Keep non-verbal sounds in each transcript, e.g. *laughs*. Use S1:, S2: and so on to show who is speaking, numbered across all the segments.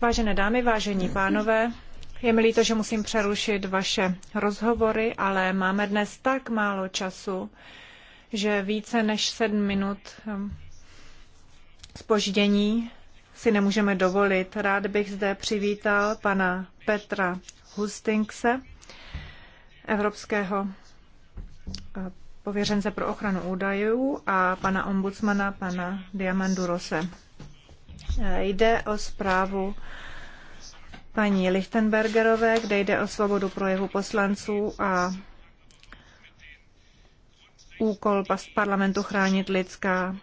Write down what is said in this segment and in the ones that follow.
S1: Vážené dámy, vážení pánové, je mi líto, že musím přerušit vaše rozhovory, ale máme dnes tak málo času, že více než sedm minut spoždění hm, si nemůžeme dovolit. Rád bych zde přivítal pana Petra Hustingse, evropského eh, pověřence pro ochranu údajů a pana ombudsmana, pana Rose. Eh, jde o zprávu paní Lichtenbergerové, kde jde o svobodu projevu poslanců a úkol parlamentu chránit lidská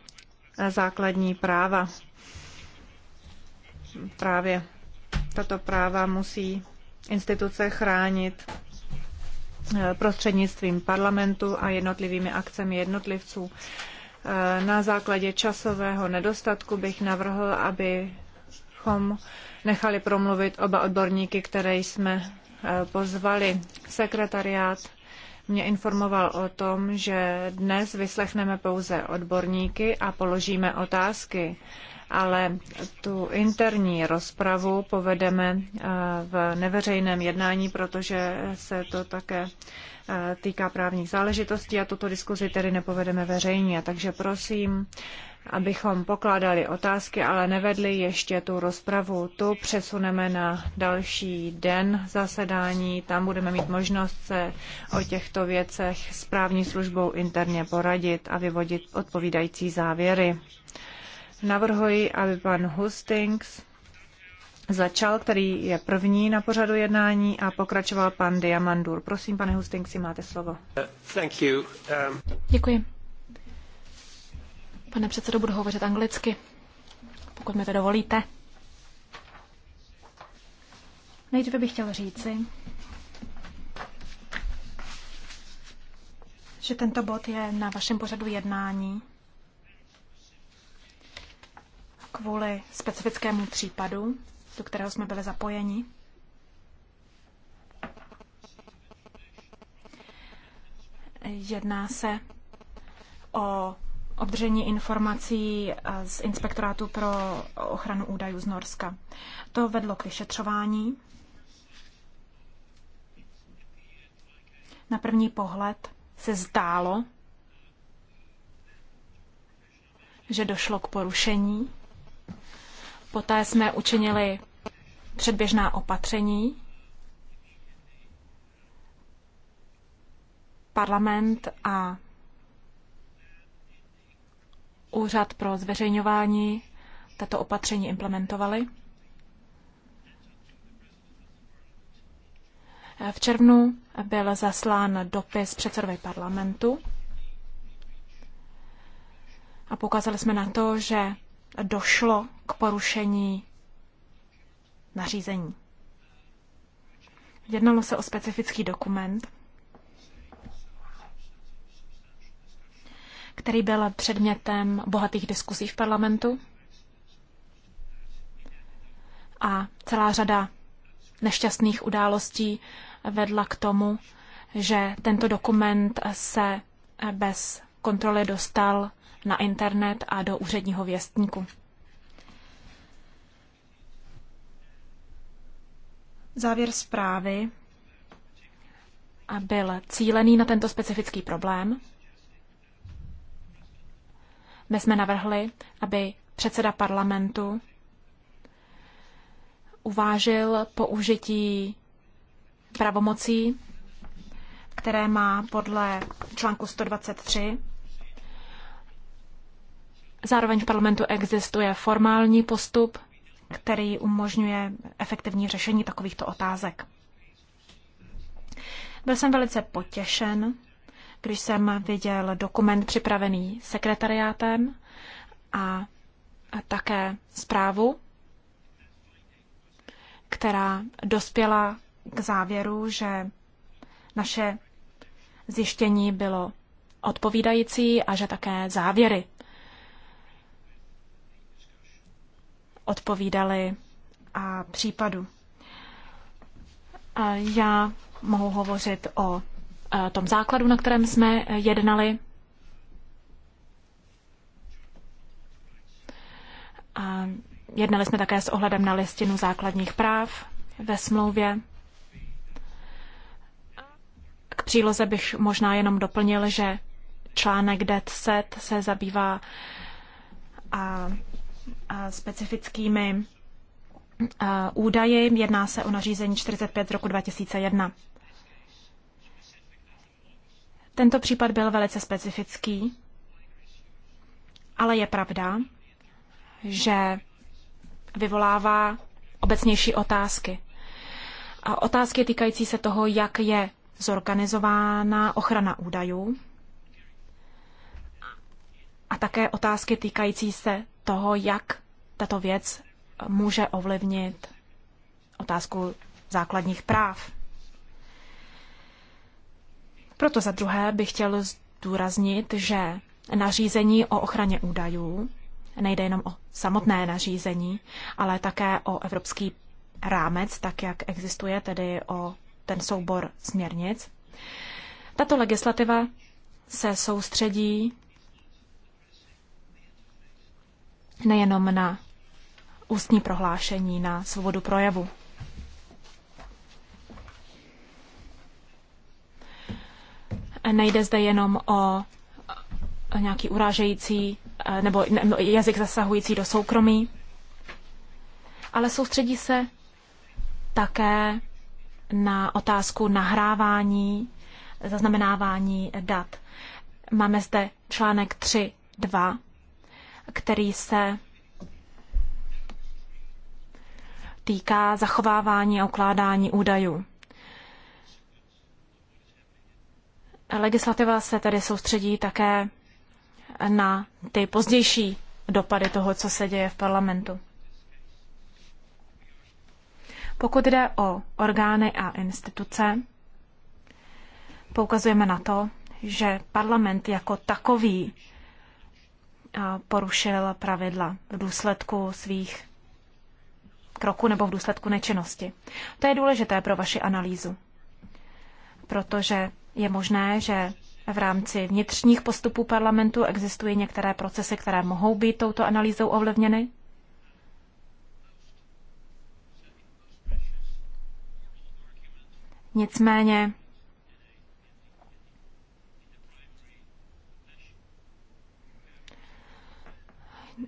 S1: eh, základní práva. Právě tato práva musí instituce chránit Eh, prostřednictvím parlamentu a jednotlivými akcemi jednotlivců. Eh, na základě časového nedostatku bych navrhl, abychom nechali promluvit oba odborníky, které jsme eh, pozvali. Sekretariát mě informoval o tom, že dnes vyslechneme pouze odborníky a položíme otázky ale tu interní rozpravu povedeme eh, v neveřejném jednání, protože se to také eh, týká právních záležitostí a tuto diskuzi tedy nepovedeme veřejně. Takže prosím, abychom pokládali otázky, ale nevedli ještě tu rozpravu. Tu přesuneme na další den zasedání. Tam budeme mít možnost se o těchto věcech s právní službou interně poradit a vyvodit odpovídající závěry. Navrhuji, aby pan Hustings začal, který je první na pořadu jednání a pokračoval pan Diamandur. Prosím, pane Hustingsi, máte slovo. Um, Děkuji.
S2: Pane předsedo, budu hovořit anglicky, pokud mi to dovolíte. Nejdříve bych chtěl říci, že tento bod je na vašem pořadu jednání kvůli specifickému případu, do kterého jsme byli zapojeni. Jedná se o obdržení informací eh, z Inspektorátu pro ochranu údajů z Norska. To vedlo k vyšetřování. Na první pohled se zdálo, že došlo k porušení Poté jsme učinili předběžná opatření. Parlament a Úřad pro zveřejňování tato opatření implementovali. V červnu byl zaslán dopis předsedovi parlamentu a poukázali jsme na to, že došlo k porušení nařízení. Jednalo se o specifický dokument, který byl předmětem bohatých diskusí v parlamentu a celá řada nešťastných událostí vedla k tomu, že tento dokument se bez kontroly dostal na internet a do úředního věstníku. Závěr zprávy byl cílený na tento specifický problém. My jsme navrhli, aby předseda parlamentu uvážil použití pravomocí, které má podle článku 123 Zároveň v parlamentu existuje formální postup, který umožňuje efektivní řešení takovýchto otázek. Byl jsem velice potěšen, když jsem viděl dokument připravený sekretariátem a také zprávu, která dospěla k závěru, že naše zjištění bylo odpovídající a že také závěry odpovídali a případu. Já mohu hovořit o e, tom základu, na kterém jsme jednali. A jednali jsme také s ohledem na listinu základních práv ve smlouvě. K příloze bych možná jenom doplnil, že článek DET-SET se zabývá a specifickými údaji. Jedná se o nařízení 45 z roku 2001. Tento případ byl velice specifický, ale je pravda, že vyvolává obecnější otázky. A otázky týkající se toho, jak je zorganizována ochrana údajů, a také otázky týkající se toho, jak tato věc může ovlivnit otázku základních práv. Proto za druhé bych chtěl zdůraznit, že nařízení o ochraně údajů nejde jenom o samotné nařízení, ale také o evropský rámec, tak jak existuje, tedy o ten soubor směrnic. Tato legislativa se soustředí nejenom na ústní prohlášení, na svobodu projevu. Nejde zde jenom o nějaký urážející nebo no, jazyk zasahující do soukromí, ale soustředí se také na otázku nahrávání, zaznamenávání dat. Máme zde článek 3.2 který se týká zachovávání a ukládání údajů. Legislativa se tedy soustředí také na ty pozdější dopady toho, co se děje v parlamentu. Pokud jde o orgány a instituce, poukazujeme na to, že parlament jako takový porušil pravidla v důsledku svých kroků nebo v důsledku nečinnosti. To je důležité pro vaši analýzu, protože je možné, že v rámci vnitřních postupů parlamentu existují některé procesy, které mohou být touto analýzou ovlivněny? Nicméně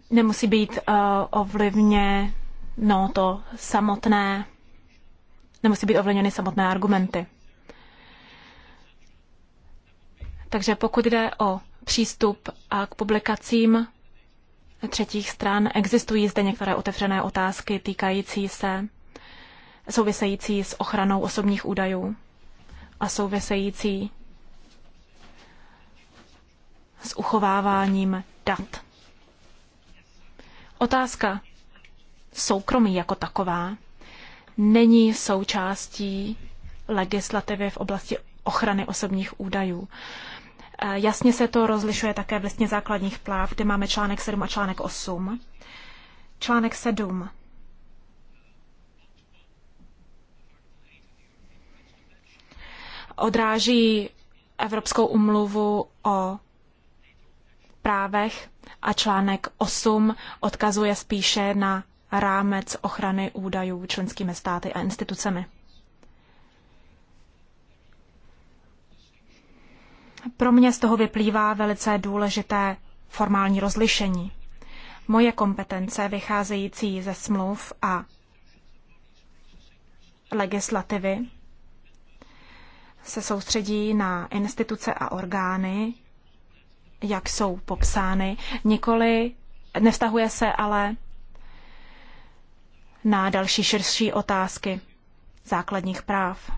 S2: nemusí být uh, ovlivně no, to samotné, nemusí být ovlivněny samotné argumenty. Takže pokud jde o přístup k publikacím třetích stran, existují zde některé otevřené otázky týkající se, související s ochranou osobních údajů a související s uchováváním dat. Otázka soukromí jako taková není součástí legislativy v oblasti ochrany osobních údajů. E, jasně se to rozlišuje také v listně základních práv, kde máme článek 7 a článek 8. Článek 7. Odráží Evropskou umluvu o právech a článek 8 odkazuje spíše na rámec ochrany údajů členskými státy a institucemi. Pro mě z toho vyplývá velice důležité formální rozlišení. Moje kompetence vycházející ze smluv a legislativy se soustředí na instituce a orgány, jak jsou popsány, nikoli, nevztahuje se ale na další širší otázky základních práv.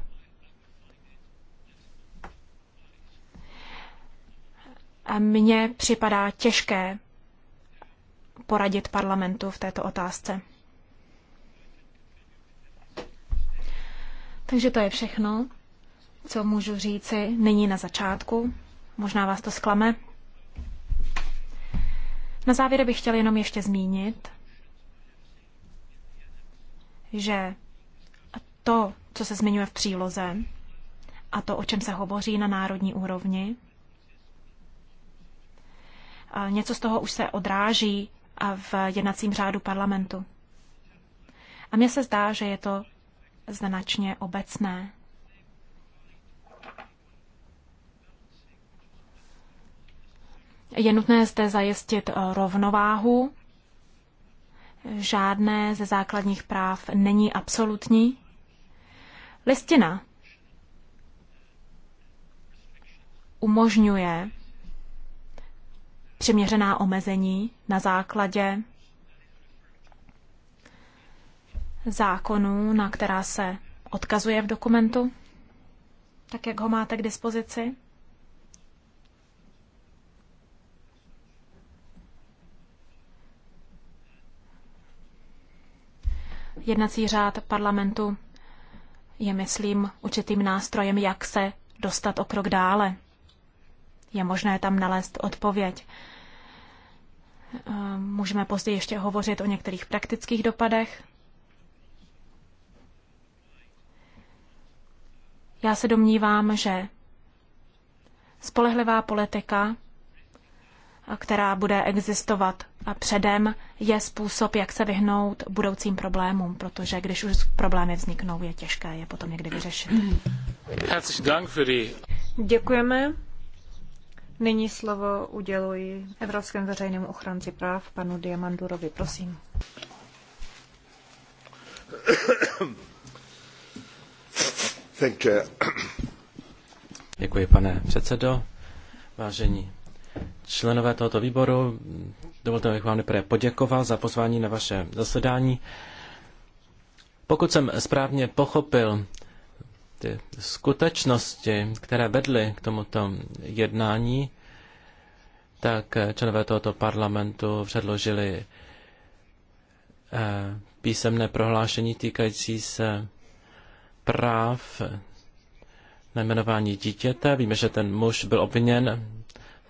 S2: A mně připadá těžké poradit parlamentu v této otázce. Takže to je všechno, co můžu říci nyní na začátku. Možná vás to zklame. Na závěr bych chtěl jenom ještě zmínit, že to, co se zmiňuje v příloze a to, o čem se hovoří na národní úrovni, něco z toho už se odráží v jednacím řádu parlamentu. A mně se zdá, že je to značně obecné. Je nutné zde zajistit eh, rovnováhu. Žádné ze základních práv není absolutní. Listina umožňuje přiměřená omezení na základě zákonů, na která se odkazuje v dokumentu, tak jak ho máte k dispozici. Jednací řád parlamentu je, myslím, určitým nástrojem, jak se dostat o krok dále. Je možné tam nalézt odpověď. Můžeme později ještě hovořit o některých praktických dopadech. Já se domnívám, že spolehlivá politika která bude existovat předem, je způsob, jak se vyhnout budoucím problémům, protože když už
S1: problémy vzniknou, je těžké je potom někdy vyřešit. Děkujeme. Nyní slovo uděluji Evropském veřejnému ochranci práv panu Diamandurovi. Prosím.
S3: Děkuji, pane předsedo. Vážení členové tohoto výboru. Dovolte, abych vám nejprve poděkoval za pozvání na vaše zasedání. Pokud jsem správně pochopil ty skutečnosti, které vedly k tomuto jednání, tak členové tohoto parlamentu předložili eh, písemné prohlášení týkající se práv na jmenování dítěte. Víme, že ten muž byl obviněn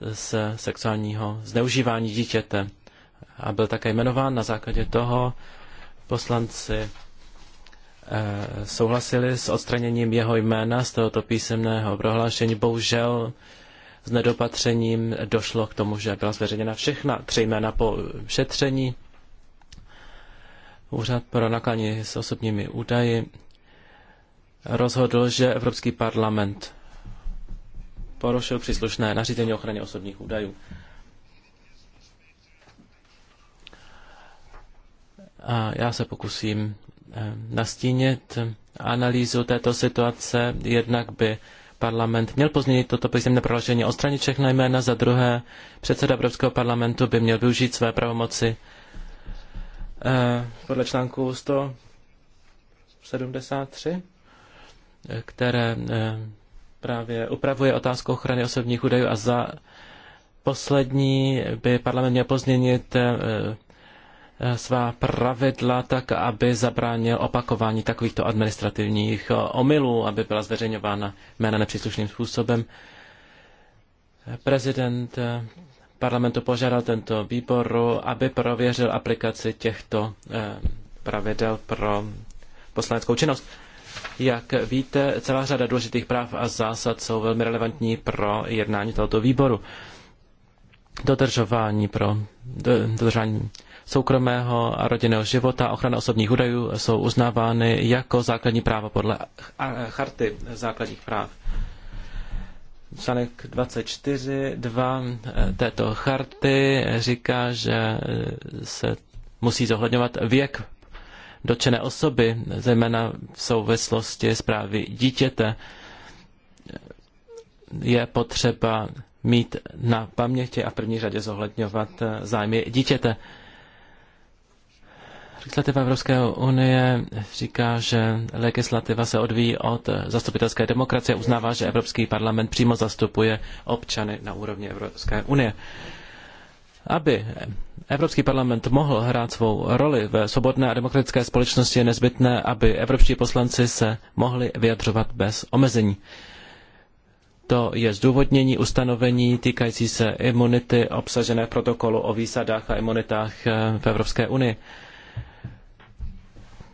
S3: z sexuálního zneužívání dítěte a byl také jmenován. Na základě toho poslanci eh, souhlasili s odstraněním jeho jména z tohoto písemného prohlášení. Bohužel s nedopatřením došlo k tomu, že byla zveřejněna všechna tři jména po šetření. Úřad pro naklání s osobními údaji rozhodl, že Evropský parlament porušil příslušné nařízení ochrany osobních údajů. A já se pokusím eh, nastínit analýzu této situace. Jednak by parlament měl pozměnit toto písemné prohlášení o straně Čech na jména, za druhé předseda Evropského parlamentu by měl využít své pravomoci eh, podle článku 173, které eh, právě upravuje otázku ochrany osobních údajů a za poslední by parlament měl pozměnit eh, eh, svá pravidla tak, aby zabránil opakování takovýchto administrativních eh, omylů, aby byla zveřejňována jména nepříslušným způsobem. Prezident parlamentu požádal tento výbor, aby prověřil aplikaci těchto pravidel pro poslaneckou činnost. Jak víte, celá řada důležitých práv a zásad jsou velmi relevantní pro jednání tohoto výboru. Dodržování pro dodržování soukromého a rodinného života, ochrana osobních údajů jsou uznávány jako základní práva podle charty základních práv. Článek 24.2 e, této charty říká, že e, se musí zohledňovat věk dočené osoby, zejména v souvislosti s právy dítěte, je potřeba mít na paměti a v první řadě zohledňovat eh, zájmy dítěte. Legislativa Evropské unie říká, že legislativa se odvíjí od zastupitelské demokracie, uznává, že Evropský parlament přímo zastupuje občany na úrovni Evropské unie. Aby Evropský parlament mohl hrát svou roli ve svobodné a demokratické společnosti, je nezbytné, aby evropští poslanci se mohli vyjadřovat bez omezení. To je zdůvodnění ustanovení týkající se imunity obsažené v protokolu o výsadách a imunitách v Evropské unii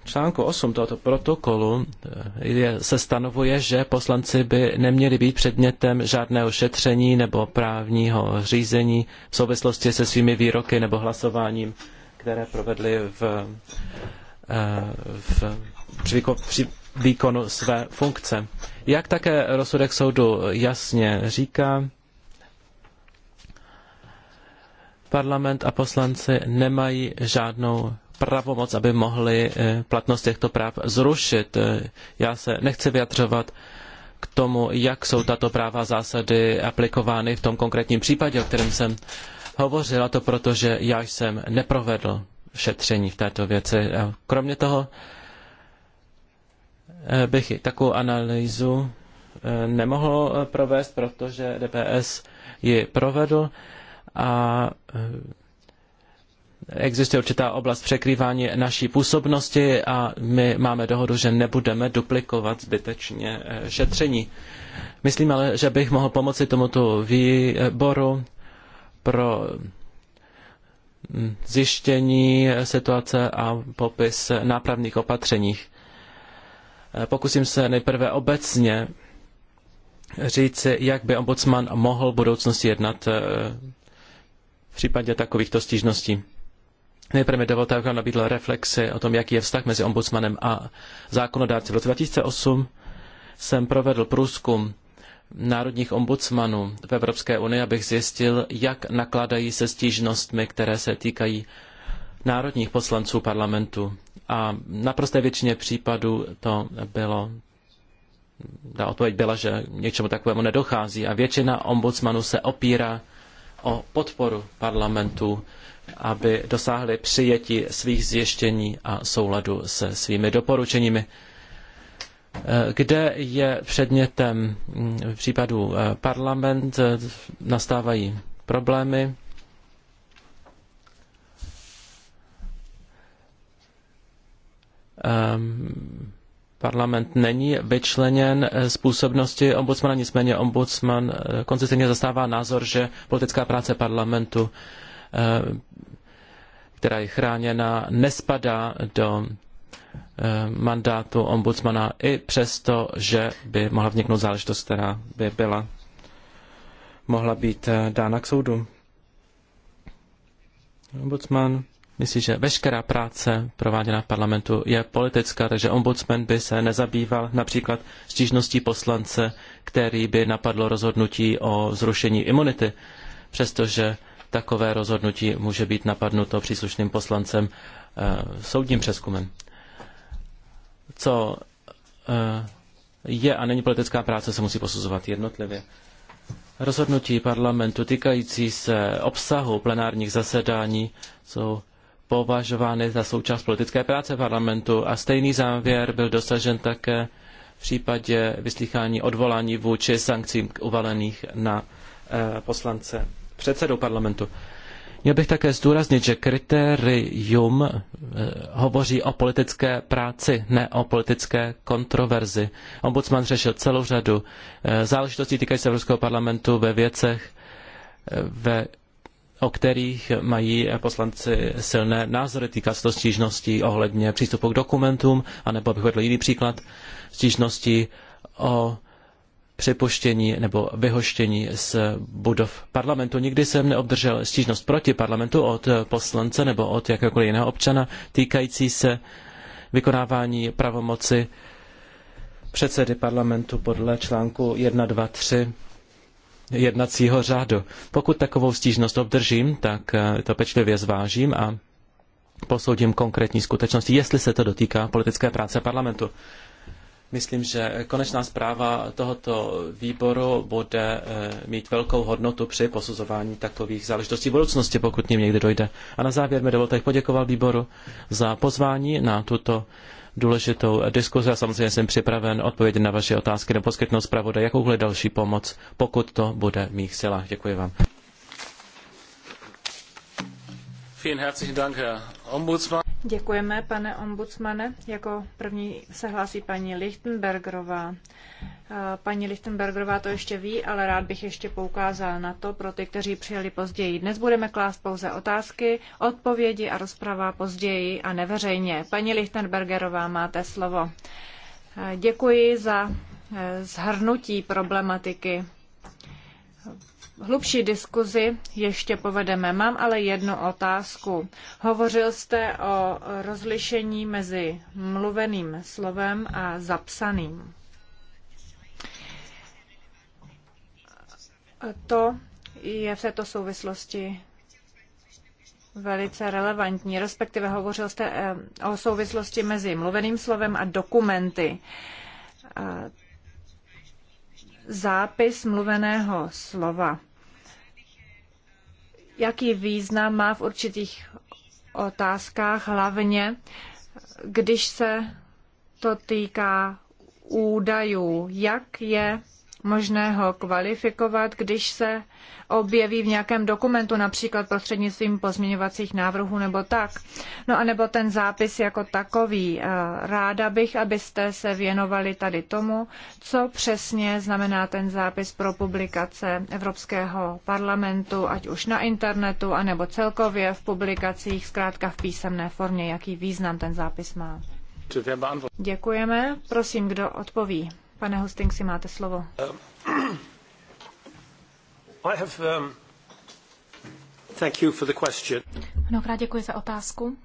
S3: článku 8 tohoto protokolu eh, je, se stanovuje, že poslanci by neměli být předmětem žádného šetření nebo právního řízení v souvislosti se svými výroky nebo hlasováním, které provedli v, eh, v, v, při výkonu své funkce. Jak také rozsudek soudu jasně říká, parlament a poslanci nemají žádnou pravomoc, aby mohli eh, platnost těchto práv zrušit. Eh, já se nechci vyjadřovat k tomu, jak jsou tato práva zásady aplikovány v tom konkrétním případě, o kterém jsem hovořila, to proto, že já jsem neprovedl šetření v této věci. kromě toho eh, bych takovou analýzu nemohl provést, protože DPS ji provedl a Existuje určitá oblast překrývání naší působnosti a my máme dohodu, že nebudeme duplikovat zbytečně eh, šetření. Myslím ale, že bych mohl pomoci tomuto výboru pro mm, zjištění situace a popis nápravných opatřeních. Eh, pokusím se nejprve obecně říci, jak by ombudsman mohl v budoucnosti jednat eh, v případě takovýchto stížností. Nejprve mi dovolte, abych vám nabídl reflexy o tom, jaký je vztah mezi ombudsmanem a zákonodárci. V roce 2008 jsem provedl průzkum národních ombudsmanů v Evropské unii, abych zjistil, jak nakladají se stížnostmi, které se týkají národních poslanců parlamentu. A naprosté většině případů to bylo ta odpověď byla, že něčemu takovému nedochází a většina ombudsmanů se opírá o podporu parlamentu aby dosáhli přijetí svých zjištění a souladu se svými doporučeními. Eh, kde je předmětem v mm, případu eh, parlament, eh, nastávají problémy. Ehm, parlament není vyčleněn z působnosti ombudsmana, nicméně ombudsman konzistentně zastává názor, že politická práce parlamentu Eh, která je chráněna, nespadá do eh, mandátu ombudsmana i přesto, že by mohla vniknout záležitost, která by byla mohla být eh, dána k soudu. Ombudsman myslí, že veškerá práce prováděná v parlamentu je politická, takže ombudsman by se nezabýval například stížností poslance, který by napadlo rozhodnutí o zrušení imunity, přestože takové rozhodnutí může být napadnuto příslušným poslancem eh, soudním přeskumem. Co eh, je a není politická práce, se musí posuzovat jednotlivě. Rozhodnutí parlamentu týkající se obsahu plenárních zasedání jsou považovány za součást politické práce parlamentu a stejný závěr byl dosažen také v případě vyslychání odvolání vůči sankcím uvalených na eh, poslance předsedou parlamentu. Měl bych také zdůraznit, že kritérium eh, hovoří o politické práci, ne o politické kontroverzi. Ombudsman řešil celou řadu eh, záležitostí se Evropského parlamentu ve věcech, eh, ve, o kterých mají poslanci silné názory. Týká se to stížností ohledně přístupu k dokumentům, anebo bych vedl jiný příklad, stížností o přepoštění nebo vyhoštění z budov parlamentu. Nikdy jsem neobdržel stížnost proti parlamentu od poslance nebo od jakéhokoliv jiného občana týkající se vykonávání pravomoci předsedy parlamentu podle článku 1, 2, 3 jednacího řádu. Pokud takovou stížnost obdržím, tak eh, to pečlivě zvážím a posoudím konkrétní skutečnosti, jestli se to dotýká politické práce parlamentu. Myslím, že konečná zpráva tohoto výboru bude eh, mít velkou hodnotu při posuzování takových záležitostí budoucnosti, pokud ním někdy dojde. A na závěr mi dovolte poděkoval výboru za pozvání na tuto důležitou diskuzi a samozřejmě jsem připraven odpovědět na vaše otázky nebo poskytnout zpravodaj jakouhle další pomoc, pokud to bude v mých silách. Děkuji vám. Vielen herzlichen Dank, Herr Ombudsmann.
S1: Děkujeme, pane ombudsmane. Jako první se hlásí paní Lichtenbergerová. Paní Lichtenbergerová to ještě ví, ale rád bych ještě poukázal na to pro ty, kteří přijeli později. Dnes budeme klást pouze otázky, odpovědi a rozprava později a neveřejně. Paní Lichtenbergerová, máte slovo. Děkuji za e, zhrnutí problematiky hlubší diskuzi ještě povedeme. Mám ale jednu otázku. Hovořil jste o rozlišení mezi mluveným slovem a zapsaným. To je v této souvislosti velice relevantní, respektive hovořil jste eh, o souvislosti mezi mluveným slovem a dokumenty zápis mluveného slova. Jaký význam má v určitých otázkách, hlavně když se to týká údajů, jak je možné ho kvalifikovat, když se objeví v nějakém dokumentu, například prostřednictvím pozměňovacích návrhů nebo tak. No a nebo ten zápis jako takový. Eh, ráda bych, abyste se věnovali tady tomu, co přesně znamená ten zápis pro publikace Evropského parlamentu, ať už na internetu, anebo celkově v publikacích, zkrátka v písemné formě, jaký význam ten zápis má. Děkujeme. Prosím, kdo odpoví. Pane Hosting, si máte slovo. Um, *clears throat* I have, um, thank you for the question.
S2: Mnohokrát děkuji za otázku.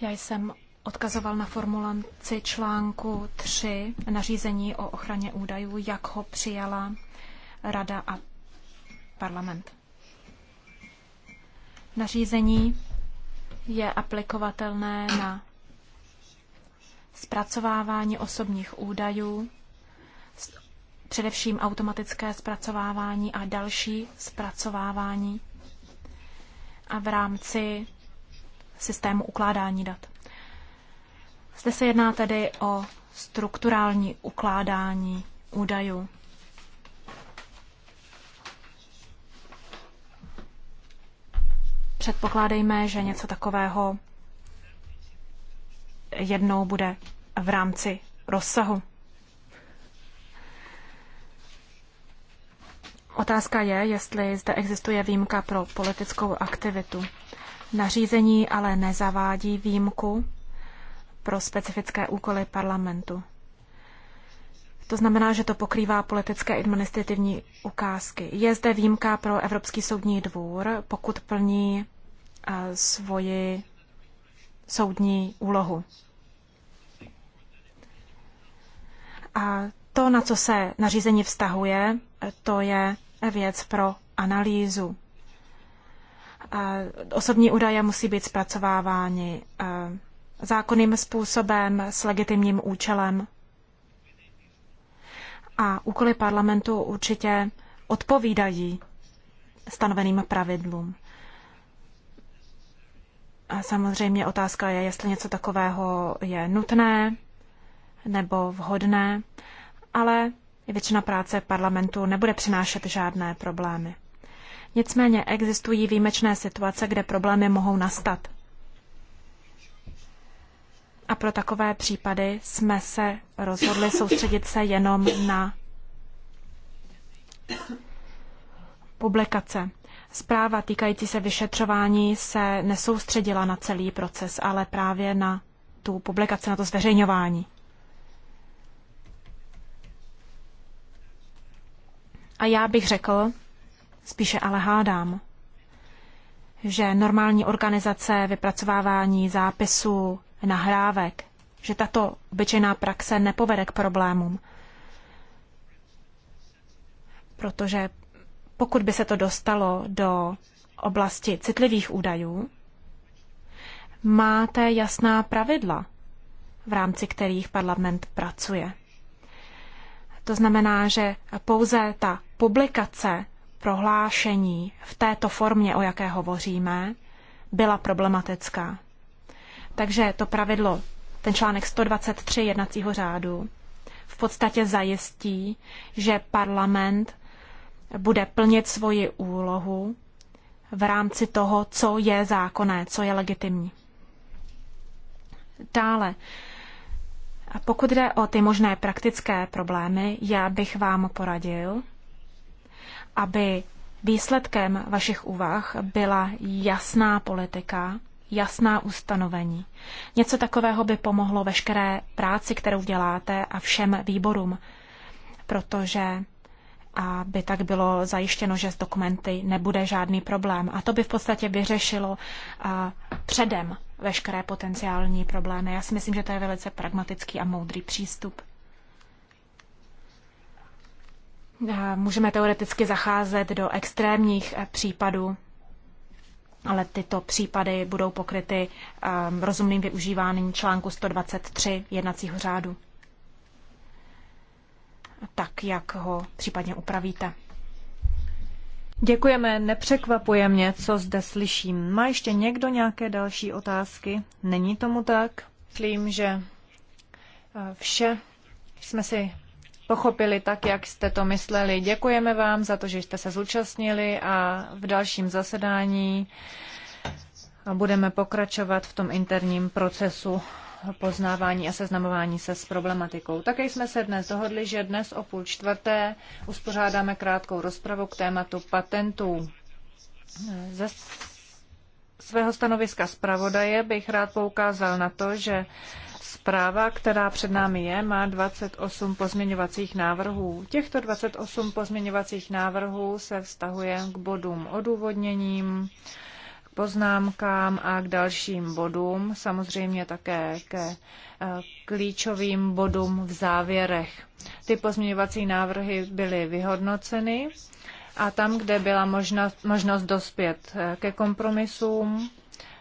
S2: Já jsem odkazoval na formulaci článku 3 nařízení o ochraně údajů, jak ho přijala Rada a parlament. Nařízení je aplikovatelné na zpracovávání osobních údajů, především automatické zpracovávání a další zpracovávání a v rámci systému ukládání dat. Zde se jedná tedy o strukturální ukládání údajů. Předpokládejme, že něco takového jednou bude v rámci rozsahu. Otázka je, jestli zde existuje výjimka pro politickou aktivitu. Nařízení ale nezavádí výjimku pro specifické úkoly parlamentu. To znamená, že to pokrývá politické administrativní ukázky. Je zde výjimka pro Evropský soudní dvůr, pokud plní eh, svoji soudní úlohu. A to, na co se nařízení vztahuje, to je věc pro analýzu. Osobní údaje musí být zpracovávány e, zákonným způsobem, s legitimním účelem. A úkoly parlamentu určitě odpovídají stanoveným pravidlům. A samozřejmě otázka je, jestli něco takového je nutné nebo vhodné, ale většina práce parlamentu nebude přinášet žádné problémy. Nicméně existují výjimečné situace, kde problémy mohou nastat. A pro takové případy jsme se rozhodli soustředit se jenom na publikace. Zpráva týkající se vyšetřování se nesoustředila na celý proces, ale právě na tu publikaci, na to zveřejňování. A já bych řekl, spíše ale hádám, že normální organizace vypracovávání zápisů, nahrávek, že tato obyčejná praxe nepovede k problémům. Protože pokud by se to dostalo do oblasti citlivých údajů, máte jasná pravidla, v rámci kterých parlament pracuje. To znamená, že pouze ta publikace prohlášení v této formě, o jaké hovoříme, byla problematická. Takže to pravidlo, ten článek 123 jednacího řádu, v podstatě zajistí, že parlament bude plnit svoji úlohu v rámci toho, co je zákonné, co je legitimní. Dále, pokud jde o ty možné praktické problémy, já bych vám poradil, aby výsledkem vašich úvah byla jasná politika, jasná ustanovení. Něco takového by pomohlo veškeré práci, kterou děláte a všem výborům, protože aby tak bylo zajištěno, že s dokumenty nebude žádný problém. A to by v podstatě vyřešilo předem veškeré potenciální problémy. Já si myslím, že to je velice pragmatický a moudrý přístup. Můžeme teoreticky zacházet do extrémních eh, případů, ale tyto případy budou pokryty eh, rozumným využíváním článku 123 jednacího řádu
S1: jak ho případně upravíte. Děkujeme, nepřekvapuje mě, co zde slyším. Má ještě někdo nějaké další otázky? Není tomu tak? Myslím, že eh, vše jsme si pochopili tak, jak jste to mysleli. Děkujeme vám za to, že jste se zúčastnili a v dalším zasedání budeme pokračovat v tom interním procesu poznávání a seznamování se s problematikou. Také jsme se dnes dohodli, že dnes o půl čtvrté uspořádáme krátkou rozpravu k tématu patentů. Ze svého stanoviska zpravodaje bych rád poukázal na to, že Zpráva, která před námi je, má 28 pozměňovacích návrhů. Těchto 28 pozměňovacích návrhů se vztahuje k bodům odůvodněním, poznámkám a k dalším bodům, samozřejmě také ke eh, klíčovým bodům v závěrech. Ty pozměňovací návrhy byly vyhodnoceny a tam, kde byla možnost, možnost dospět eh, ke kompromisům,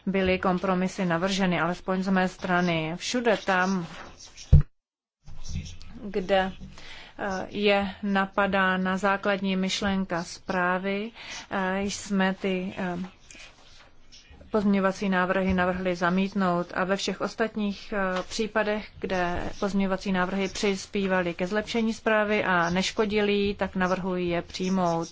S1: byly kompromisy navrženy, alespoň z mé strany. Všude tam, kde eh, je napadána základní myšlenka zprávy, jsme ty pozměňovací návrhy navrhli zamítnout a ve všech ostatních eh, případech, kde pozměňovací návrhy přispívaly ke zlepšení zprávy a neškodili, tak navrhuji je přijmout.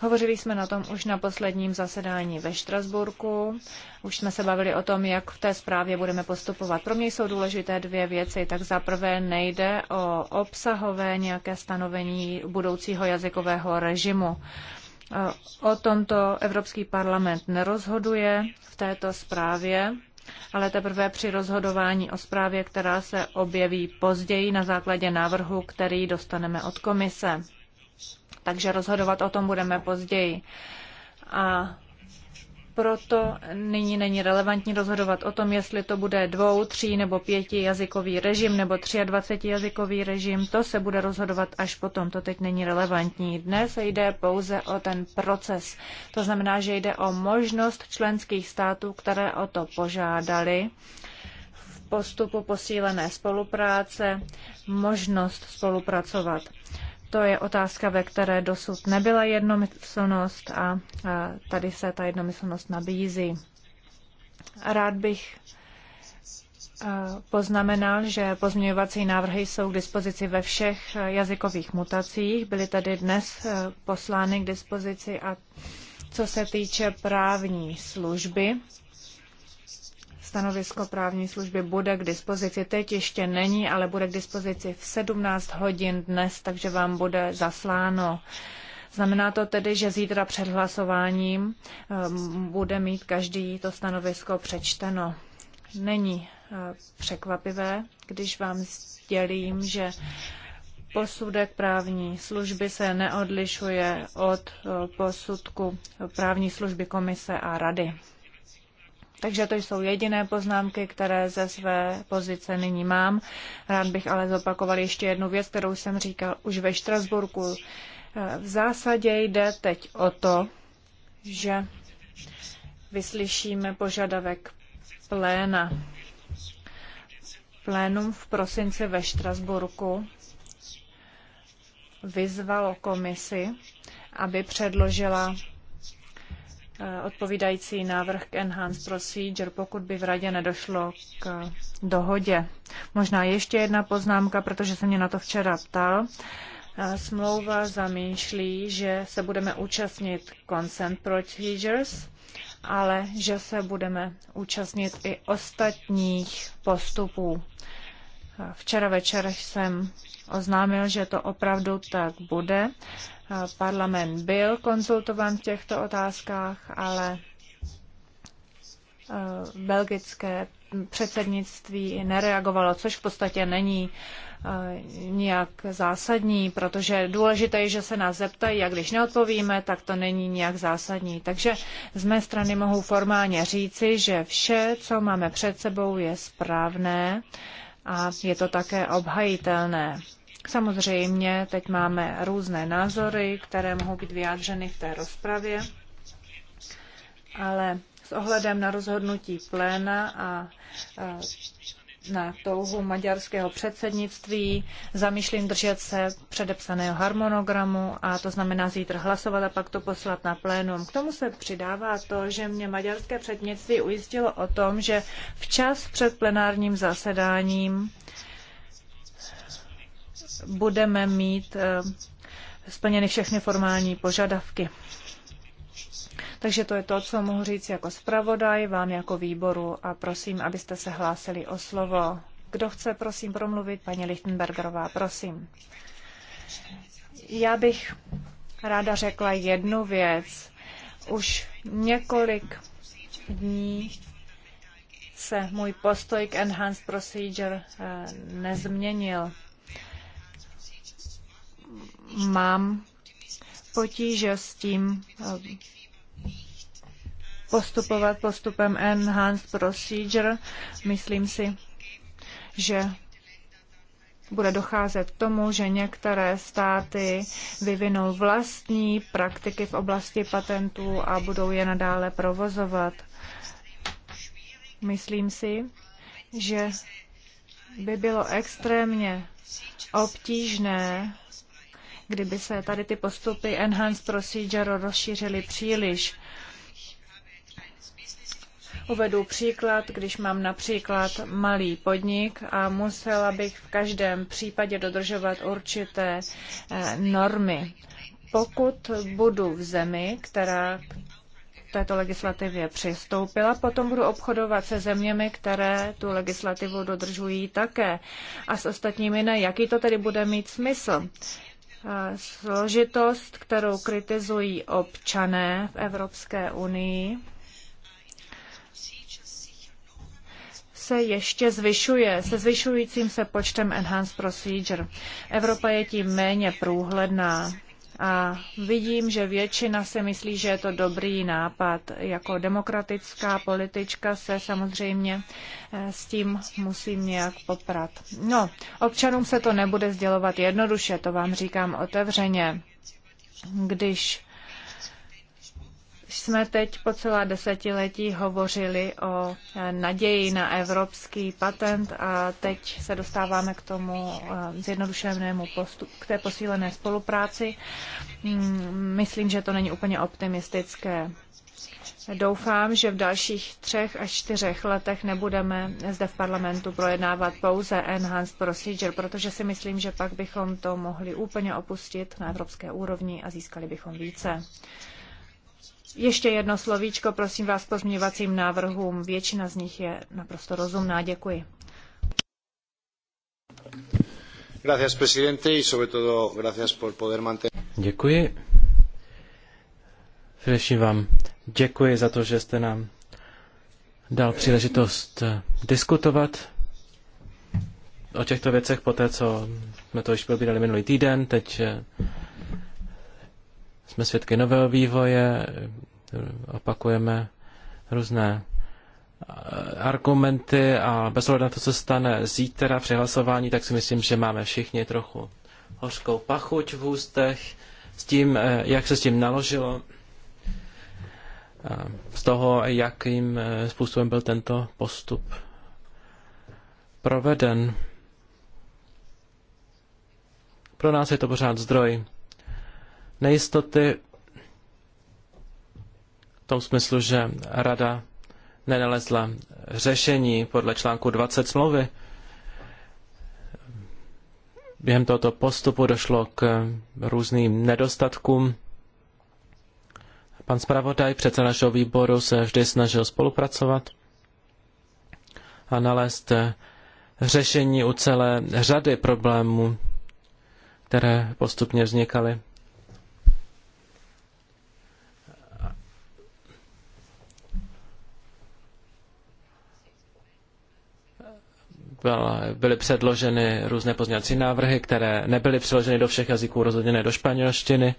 S1: Hovořili jsme na tom už na posledním zasedání ve Štrasburku. Už jsme se bavili o tom, jak v té zprávě budeme postupovat. Pro mě jsou důležité dvě věci. Tak za prvé nejde o obsahové nějaké stanovení budoucího jazykového režimu. O tomto Evropský parlament nerozhoduje v této zprávě, ale teprve při rozhodování o zprávě, která se objeví později na základě návrhu, který dostaneme od komise. Takže rozhodovat o tom budeme později. A proto nyní není relevantní rozhodovat o tom, jestli to bude dvou, tří nebo pěti jazykový režim nebo 23 jazykový režim. To se bude rozhodovat až potom. To teď není relevantní. Dnes jde pouze o ten proces. To znamená, že jde o možnost členských států, které o to požádali v postupu posílené spolupráce, možnost spolupracovat. To je otázka, ve které dosud nebyla jednomyslnost a tady se ta jednomyslnost nabízí. Rád bych poznamenal, že pozměňovací návrhy jsou k dispozici ve všech jazykových mutacích. Byly tady dnes poslány k dispozici a co se týče právní služby, Stanovisko právní služby bude k dispozici. Teď ještě není, ale bude k dispozici v 17 hodin dnes, takže vám bude zasláno. Znamená to tedy, že zítra před hlasováním ehm, bude mít každý to stanovisko přečteno. Není ehm, překvapivé, když vám sdělím, že posudek právní služby se neodlišuje od ehm, posudku právní služby komise a rady. Takže to jsou jediné poznámky, které ze své pozice nyní mám. Rád bych ale zopakoval ještě jednu věc, kterou jsem říkal už ve Štrasburku. Eh, v zásadě jde teď o to, že vyslyšíme požadavek pléna. Plénum v prosinci ve Štrasburku vyzvalo komisi, aby předložila Eh, odpovídající návrh k Enhanced Procedure, pokud by v radě nedošlo k dohodě. Možná ještě jedna poznámka, protože se mě na to včera ptal. Eh, smlouva zamýšlí, že se budeme účastnit consent procedures, ale že se budeme účastnit i ostatních postupů. Včera večer jsem oznámil, že to opravdu tak bude. Parlament byl konzultován v těchto otázkách, ale eh, belgické předsednictví nereagovalo, což v podstatě není eh, nijak zásadní, protože důležité je, že se nás zeptají a když neodpovíme, tak to není nijak zásadní. Takže z mé strany mohu formálně říci, že vše, co máme před sebou, je správné. Uh, a je to také obhajitelné. Samozřejmě teď máme různé názory, které mohou být vyjádřeny v té rozpravě, ale s ohledem na rozhodnutí pléna a na touhu maďarského předsednictví. Zamýšlím držet se předepsaného harmonogramu a to znamená zítra hlasovat a pak to poslat na plénum. K tomu se přidává to, že mě maďarské předsednictví ujistilo o tom, že včas před plenárním zasedáním budeme mít eh, splněny všechny formální požadavky. Takže to je to, co mohu říct jako zpravodaj, vám jako výboru a prosím, abyste se hlásili o slovo. Kdo chce, prosím, promluvit? Paní Lichtenbergerová, prosím. Já bych ráda řekla jednu věc. Už několik dní se můj postoj k Enhanced Procedure eh, nezměnil. Mám potíže s tím eh, postupovat postupem Enhanced Procedure. Myslím si, že bude docházet k tomu, že některé státy vyvinou vlastní praktiky v oblasti patentů a budou je nadále provozovat. Myslím si, že by bylo extrémně obtížné, kdyby se tady ty postupy Enhanced Procedure rozšířily příliš. Uvedu příklad, když mám například malý podnik a musela bych v každém případě dodržovat určité eh, normy. Pokud budu v zemi, která této legislativě přistoupila. Potom budu obchodovat se zeměmi, které tu legislativu dodržují také a s ostatními ne. Jaký to tedy bude mít smysl? Eh, složitost, kterou kritizují občané v Evropské unii, se ještě zvyšuje se zvyšujícím se počtem enhanced procedure. Evropa je tím méně průhledná a vidím, že většina si myslí, že je to dobrý nápad. Jako demokratická politička se samozřejmě eh, s tím musím nějak poprat. No, občanům se to nebude sdělovat jednoduše, to vám říkám otevřeně. Když jsme teď po celá desetiletí hovořili o eh, naději na evropský patent a teď se dostáváme k tomu eh, zjednodušenému postupu, k té posílené spolupráci. Mm, myslím, že to není úplně optimistické. Doufám, že v dalších třech až čtyřech letech nebudeme zde v parlamentu projednávat pouze enhanced procedure, protože si myslím, že pak bychom to mohli úplně opustit na evropské úrovni a získali bychom více. Ještě jedno slovíčko, prosím vás, pozměňovacím návrhům. Většina z nich je naprosto rozumná. Děkuji. Gracias, presidente, y sobre todo gracias por poder mantener.
S3: Děkuji. Především vám děkuji za to, že jste nám dal příležitost diskutovat o těchto věcech po té, co jsme to již probírali minulý týden. Teď eh, jsme svědky nového vývoje, opakujeme různé eh, argumenty a bez ohledu na to, co stane zítra při hlasování, tak si myslím, že máme všichni trochu hořkou pachuť v ústech s tím, eh, jak se s tím naložilo, z toho, jakým eh, způsobem byl tento postup proveden. Pro nás je to pořád zdroj nejistoty v tom smyslu, že rada nenalezla řešení podle článku 20 smlouvy. Během tohoto postupu došlo k různým nedostatkům. Pan zpravodaj, předseda našeho výboru, se vždy snažil spolupracovat a nalézt řešení u celé řady problémů, které postupně vznikaly. byly předloženy různé pozměňovací návrhy, které nebyly přeloženy do všech jazyků, rozhodně ne do španělštiny.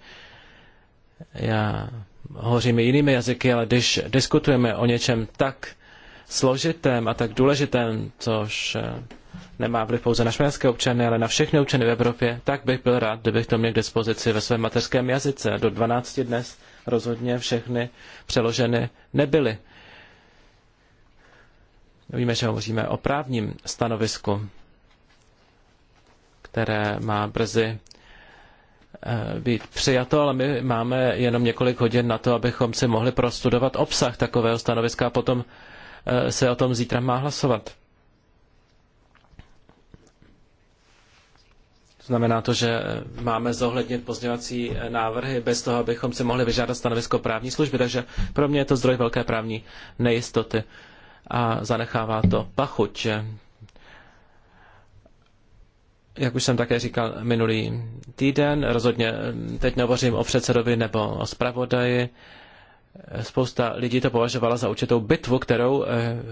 S3: Já hovořím jinými jazyky, ale když diskutujeme o něčem tak složitém a tak důležitém, což eh, nemá vliv pouze na španělské občany, ale na všechny občany v Evropě, tak bych byl rád, kdybych to měl k dispozici ve svém mateřském jazyce. Do 12 dnes rozhodně všechny přeloženy nebyly. Víme, že hovoříme o právním stanovisku, které má brzy eh, být přijato, ale my máme jenom několik hodin na to, abychom si mohli prostudovat obsah takového stanoviska a potom eh, se o tom zítra má hlasovat. Znamená to, že eh, máme zohlednit pozměňovací návrhy bez toho, abychom si mohli vyžádat stanovisko právní služby, takže pro mě je to zdroj velké právní nejistoty a zanechává to pachuť. Jak už jsem také říkal minulý týden, rozhodně teď nehovořím o předsedovi nebo o zpravodaji, spousta lidí to považovala za určitou bitvu, kterou eh,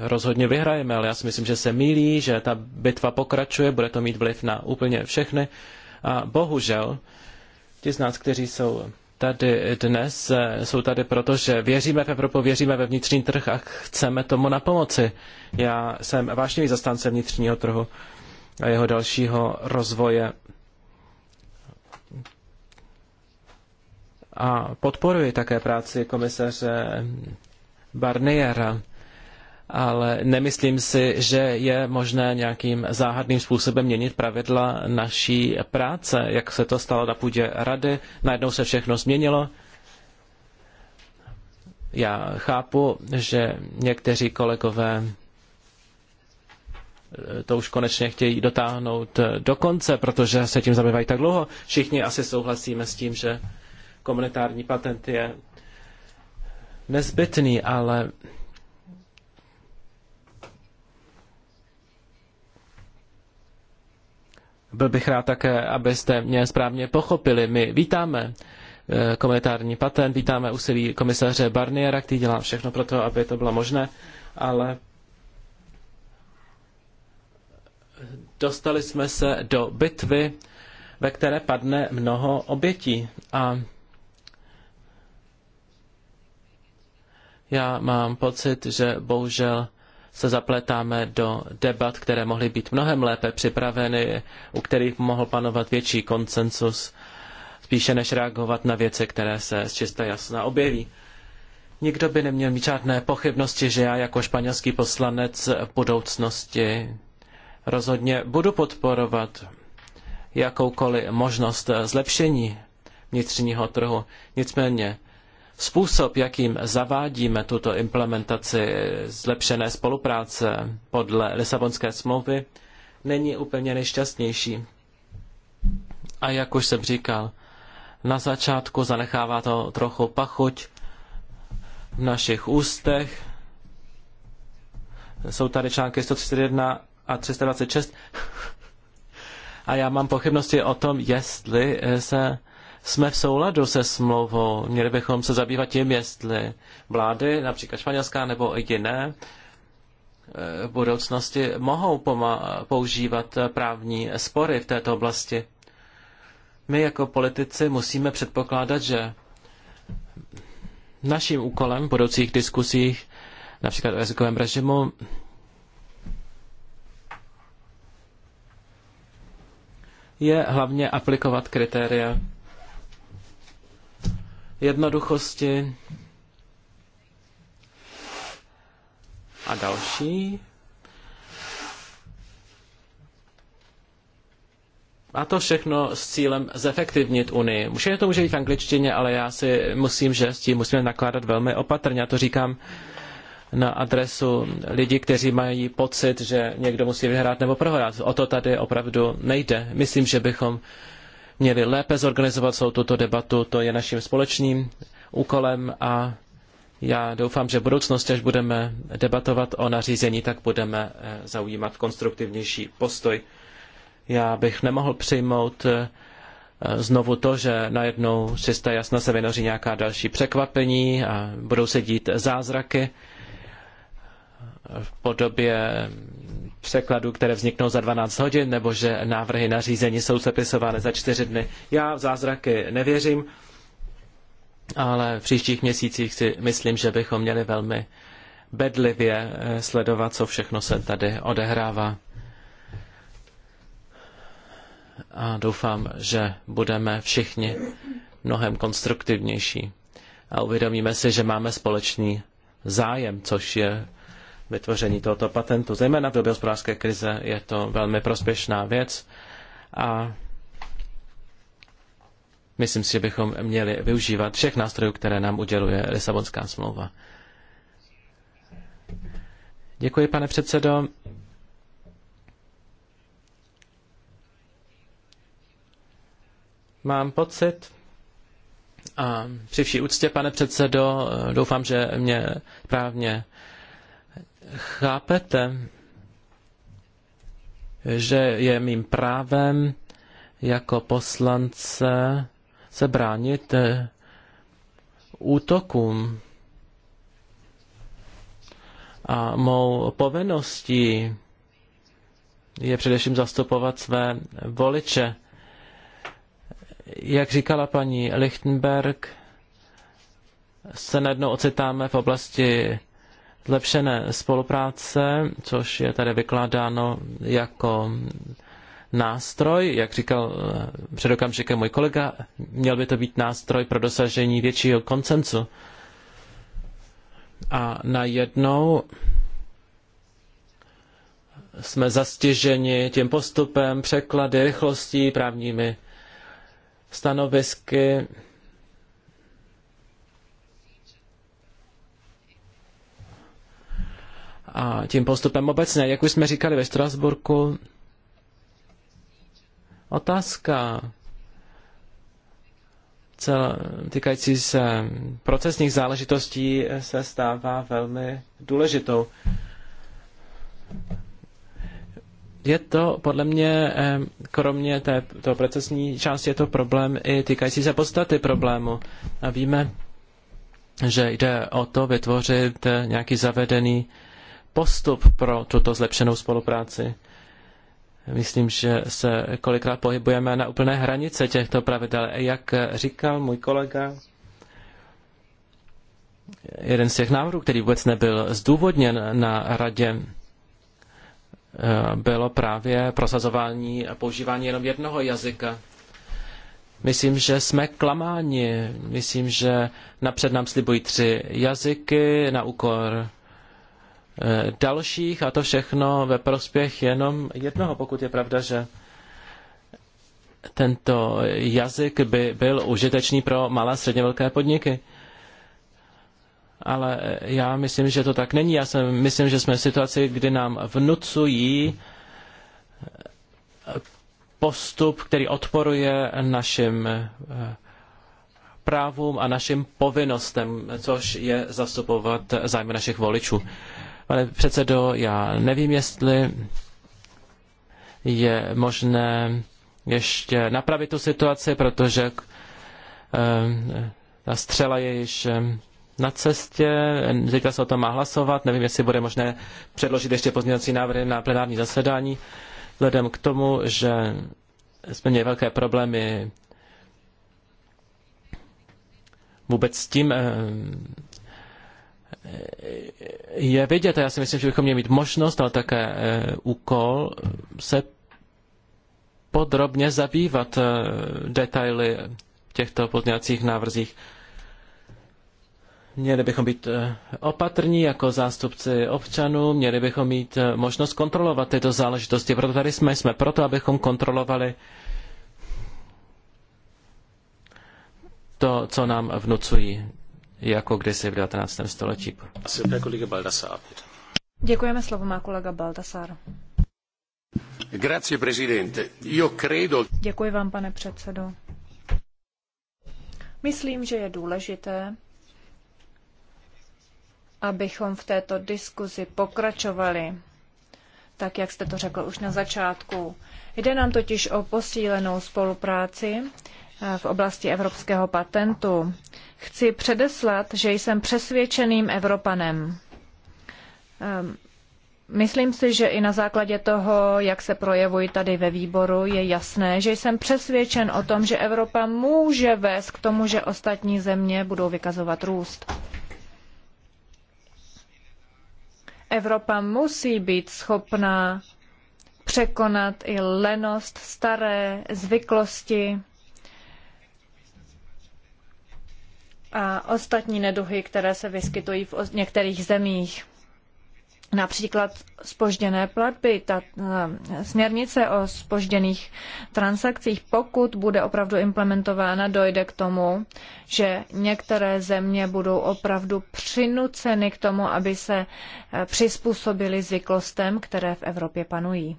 S3: rozhodně vyhrajeme, ale já si myslím, že se mílí, že ta bitva pokračuje, bude to mít vliv na úplně všechny. A bohužel, ti z nás, kteří jsou tady dnes, eh, jsou tady proto, že věříme v Evropu, věříme ve vnitřní trh a chceme tomu napomoci. Já jsem vášnivý zastánce vnitřního trhu a jeho dalšího rozvoje. A podporuji také práci komisaře Barniera ale nemyslím si, že je možné nějakým záhadným způsobem měnit pravidla naší práce, jak se to stalo na půdě rady. Najednou se všechno změnilo. Já chápu, že někteří kolegové eh, to už konečně chtějí dotáhnout eh, do konce, protože se tím zabývají tak dlouho. Všichni asi souhlasíme s tím, že komunitární patent je nezbytný, ale Byl bych rád také, abyste mě správně pochopili. My vítáme eh, komunitární patent, vítáme úsilí komisaře Barniera, který dělá všechno pro to, aby to bylo možné, ale dostali jsme se do bitvy, ve které padne mnoho obětí. A já mám pocit, že bohužel se zapletáme do debat, které mohly být mnohem lépe připraveny, u kterých mohl panovat větší konsenzus, spíše než reagovat na věci, které se z čista jasna objeví. Nikdo by neměl mít žádné pochybnosti, že já jako španělský poslanec v budoucnosti rozhodně budu podporovat jakoukoliv možnost zlepšení vnitřního trhu. Nicméně Způsob, jakým zavádíme tuto implementaci zlepšené spolupráce podle Lisabonské smlouvy, není úplně nejšťastnější. A jak už jsem říkal, na začátku zanechává to trochu pachuť v našich ústech. Jsou tady články 131 a 326. *laughs* A já mám pochybnosti o tom, jestli se jsme v souladu se smlouvou. Měli bychom se zabývat tím, jestli vlády, například španělská nebo i jiné, eh, v budoucnosti mohou používat právní spory v této oblasti. My jako politici musíme předpokládat, že naším úkolem v budoucích diskusích, například o jazykovém režimu, je hlavně aplikovat kritéria jednoduchosti. A další. A to všechno s cílem zefektivnit Unii. Všechno to může být v angličtině, ale já si musím, že s tím musíme nakládat velmi opatrně. Já to říkám na adresu lidí, kteří mají pocit, že někdo musí vyhrát nebo prohrát. O to tady opravdu nejde. Myslím, že bychom měli lépe zorganizovat celou tuto debatu. To je naším společným úkolem a já doufám, že v budoucnosti, až budeme debatovat o nařízení, tak budeme eh, zaujímat konstruktivnější postoj. Já bych nemohl přijmout eh, znovu to, že najednou čisté jasna se vynoří nějaká další překvapení a budou se dít zázraky v podobě překladů, které vzniknou za 12 hodin, nebo že návrhy na řízení jsou sepisovány za čtyři dny. Já v zázraky nevěřím, ale v příštích měsících si myslím, že bychom měli velmi bedlivě eh, sledovat, co všechno se tady odehrává. A doufám, že budeme všichni mnohem konstruktivnější a uvědomíme si, že máme společný zájem, což je vytvoření tohoto patentu. Zejména v době hospodářské krize je to velmi prospěšná věc a myslím si, že bychom měli využívat všech nástrojů, které nám uděluje Lisabonská smlouva. Děkuji, pane předsedo. Mám pocit, a při vší úctě, pane předsedo, doufám, že mě právně chápete, že je mým právem jako poslance se bránit eh, útokům. A mou povinností je především zastupovat své voliče. Jak říkala paní Lichtenberg, se najednou ocitáme v oblasti zlepšené spolupráce, což je tady vykládáno jako nástroj, jak říkal eh, před okamžikem můj kolega, měl by to být nástroj pro dosažení většího koncensu. A najednou jsme zastiženi tím postupem, překlady, rychlostí, právními stanovisky, a tím postupem obecně. Jak už jsme říkali ve Strasburku, otázka cel, týkající se procesních záležitostí se stává velmi důležitou. Je to podle mě, eh, kromě té toho procesní části, je to problém i týkající se podstaty problému. A víme, že jde o to vytvořit eh, nějaký zavedený postup pro tuto zlepšenou spolupráci. Myslím, že se kolikrát pohybujeme na úplné hranice těchto pravidel. Jak říkal můj kolega, jeden z těch návrhů, který vůbec nebyl zdůvodněn na radě, eh, bylo právě prosazování a používání jenom jednoho jazyka. Myslím, že jsme klamáni. Myslím, že napřed nám slibují tři jazyky na úkor Eh, dalších a to všechno ve prospěch jenom jednoho, pokud je pravda, že tento jazyk by byl užitečný pro malé středně velké podniky. Ale eh, já myslím, že to tak není. Já jsem, myslím, že jsme v situaci, kdy nám vnucují eh, postup, který odporuje našim právům a našim povinnostem, což je zastupovat zájmy našich voličů. Pane předsedo, já nevím, jestli je možné ještě napravit tu situaci, protože eh, ta střela je již eh, na cestě, zítra se o tom má hlasovat, nevím, jestli bude možné předložit ještě pozměňovací návrhy na plenární zasedání, vzhledem k tomu, že jsme měli velké problémy vůbec s tím, eh, je vidět. A já si myslím, že bychom měli mít možnost, ale také eh, úkol se podrobně zabývat eh, detaily těchto pozměňovacích návrzích. Měli bychom být eh, opatrní jako zástupci občanů, měli bychom mít možnost kontrolovat tyto záležitosti. Proto tady jsme, jsme proto, abychom kontrolovali to, co nám vnucují jako kdysi v 19. století.
S1: Děkujeme, slovo má kolega Baltasar.
S3: Grazie, presidente. Io credo...
S1: Děkuji vám, pane předsedo. Myslím, že je důležité, abychom v této diskuzi pokračovali, tak jak jste to řekl už na začátku. Jde nám totiž o posílenou spolupráci v oblasti evropského patentu. Chci předeslat, že jsem přesvědčeným Evropanem. Ehm, myslím si, že i na základě toho, jak se projevuji tady ve výboru, je jasné, že jsem přesvědčen o tom, že Evropa může vést k tomu, že ostatní země budou vykazovat růst. Evropa musí být schopná překonat i lenost, staré zvyklosti, a ostatní neduhy, které se vyskytují v některých zemích. Například spožděné platby, ta eh, směrnice o spožděných transakcích, pokud bude opravdu implementována, dojde k tomu, že některé země budou opravdu přinuceny k tomu, aby se eh, přizpůsobili zvyklostem, které v Evropě panují.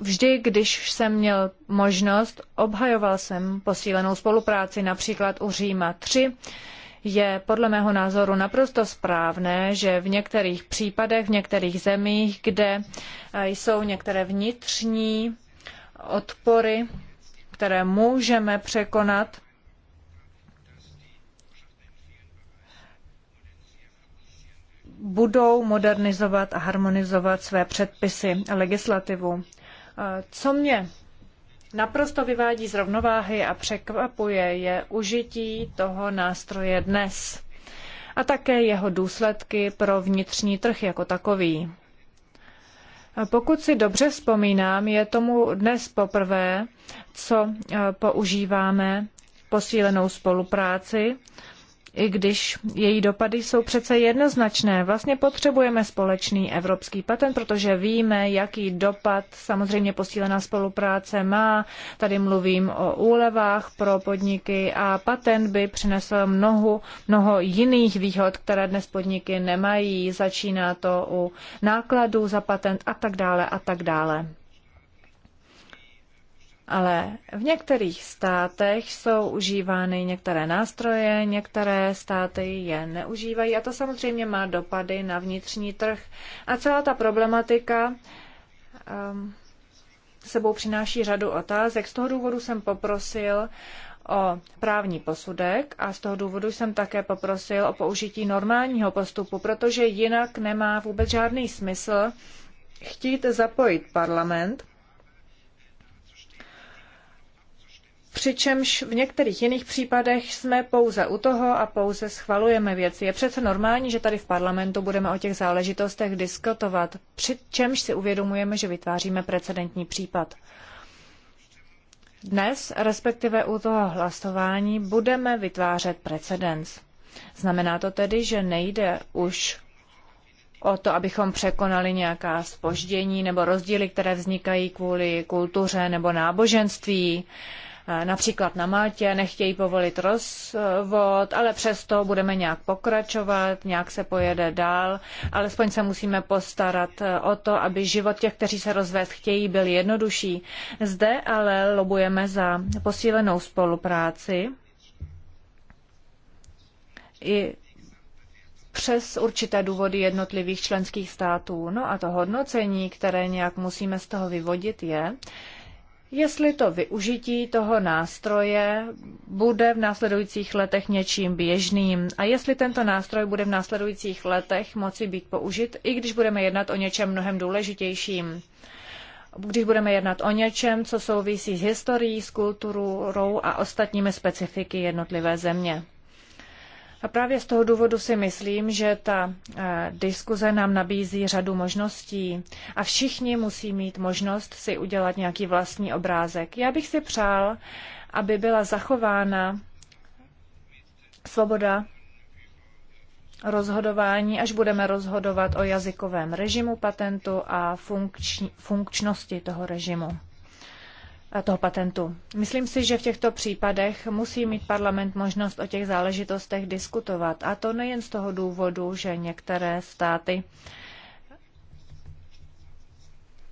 S1: Vždy, když jsem měl možnost, obhajoval jsem posílenou spolupráci například u Říma 3. Je podle mého názoru naprosto správné, že v některých případech, v některých zemích, kde eh, jsou některé vnitřní odpory, které můžeme překonat, budou modernizovat a harmonizovat své předpisy a legislativu. Co mě naprosto vyvádí z rovnováhy a překvapuje, je užití toho nástroje dnes a také jeho důsledky pro vnitřní trh jako takový. Pokud si dobře vzpomínám, je tomu dnes poprvé, co e, používáme posílenou spolupráci i když její dopady jsou přece jednoznačné. Vlastně potřebujeme společný evropský patent, protože víme, jaký dopad samozřejmě posílená spolupráce má. Tady mluvím o úlevách pro podniky a patent by přinesl mnoho, mnoho jiných výhod, které dnes podniky nemají. Začíná to u nákladů za patent a tak dále a tak dále. Ale v některých státech jsou užívány některé nástroje, některé státy je neužívají a to samozřejmě má dopady na vnitřní trh. A celá ta problematika um, sebou přináší řadu otázek. Z toho důvodu jsem poprosil o právní posudek a z toho důvodu jsem také poprosil o použití normálního postupu, protože jinak nemá vůbec žádný smysl chtít zapojit parlament přičemž v některých jiných případech jsme pouze u toho a pouze schvalujeme věci. Je přece normální, že tady v parlamentu budeme o těch záležitostech diskutovat, přičemž si uvědomujeme, že vytváříme precedentní případ. Dnes, respektive u toho hlasování, budeme vytvářet precedens. Znamená to tedy, že nejde už o to, abychom překonali nějaká spoždění nebo rozdíly, které vznikají kvůli kultuře nebo náboženství. Eh, například na Maltě, nechtějí povolit rozvod, ale přesto budeme nějak pokračovat, nějak se pojede dál. Alespoň se musíme postarat eh, o to, aby život těch, kteří se rozvést chtějí, byl jednodušší. Zde ale lobujeme za posílenou spolupráci i přes určité důvody jednotlivých členských států. No a to hodnocení, které nějak musíme z toho vyvodit, je, jestli to využití toho nástroje bude v následujících letech něčím běžným a jestli tento nástroj bude v následujících letech moci být použit, i když budeme jednat o něčem mnohem důležitějším. Když budeme jednat o něčem, co souvisí s historií, s kulturou a ostatními specifiky jednotlivé země. A právě z toho důvodu si myslím, že ta eh, diskuze nám nabízí řadu možností a všichni musí mít možnost si udělat nějaký vlastní obrázek. Já bych si přál, aby byla zachována svoboda rozhodování, až budeme rozhodovat o jazykovém režimu patentu a funkční, funkčnosti toho režimu toho patentu. Myslím si, že v těchto případech musí mít parlament možnost o těch záležitostech diskutovat. A to nejen z toho důvodu, že některé státy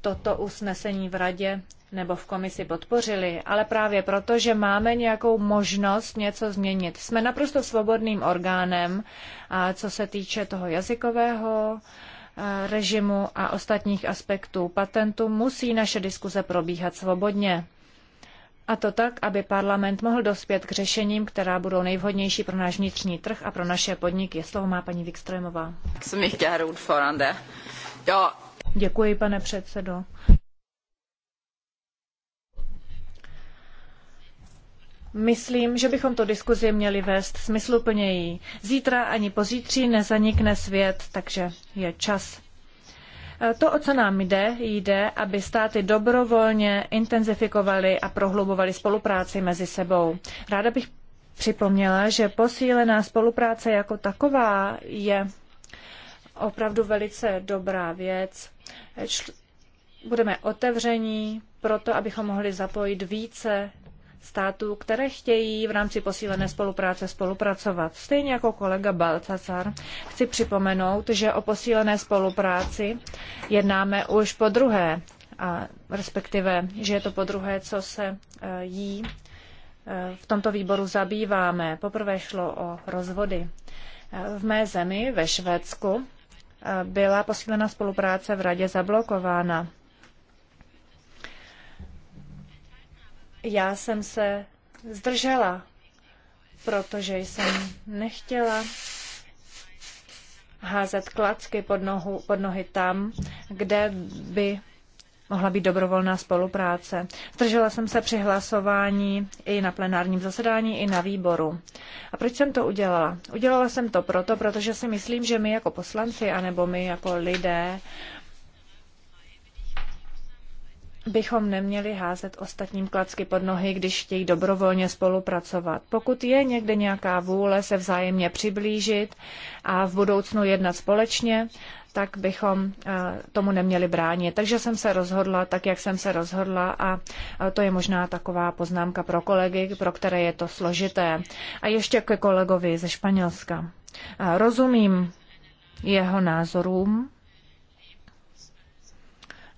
S1: toto usnesení v radě nebo v komisi podpořili, ale právě proto, že máme nějakou možnost něco změnit. Jsme naprosto svobodným orgánem, a co se týče toho jazykového Eh, režimu a ostatních aspektů patentu musí naše diskuze probíhat svobodně. A to tak, aby parlament mohl dospět k řešením, která budou nejvhodnější pro náš vnitřní trh a pro naše podniky. Slovo má paní Vikströmová. Děkuji, pane předsedo. Myslím, že bychom tu diskuzi měli vést smysluplněji. Zítra ani pozítří nezanikne svět, takže je čas. E, to, o co nám jde, jde, aby státy dobrovolně intenzifikovaly a prohlubovaly spolupráci mezi sebou. Ráda bych připomněla, že posílená spolupráce jako taková je opravdu velice dobrá věc. E, budeme otevření pro to, abychom mohli zapojit více států, které chtějí v rámci posílené spolupráce spolupracovat. Stejně jako kolega Balcazar chci připomenout, že o posílené spolupráci jednáme už po druhé, a respektive, že je to po druhé, co se e, jí e, v tomto výboru zabýváme. Poprvé šlo o rozvody. E, v mé zemi, ve Švédsku, byla posílená spolupráce v radě zablokována. Já jsem se zdržela, protože jsem nechtěla házet klacky pod, nohu, pod nohy tam, kde by mohla být dobrovolná spolupráce. Zdržela jsem se při hlasování i na plenárním zasedání, i na výboru. A proč jsem to udělala? Udělala jsem to proto, protože si myslím, že my jako poslanci, anebo my jako lidé, bychom neměli házet ostatním klacky pod nohy, když chtějí dobrovolně spolupracovat. Pokud je někde nějaká vůle se vzájemně přiblížit a v budoucnu jednat společně, tak bychom eh, tomu neměli bránit. Takže jsem se rozhodla tak, jak jsem se rozhodla a eh, to je možná taková poznámka pro kolegy, pro které je to složité. A ještě ke kolegovi ze Španělska. Eh, rozumím jeho názorům,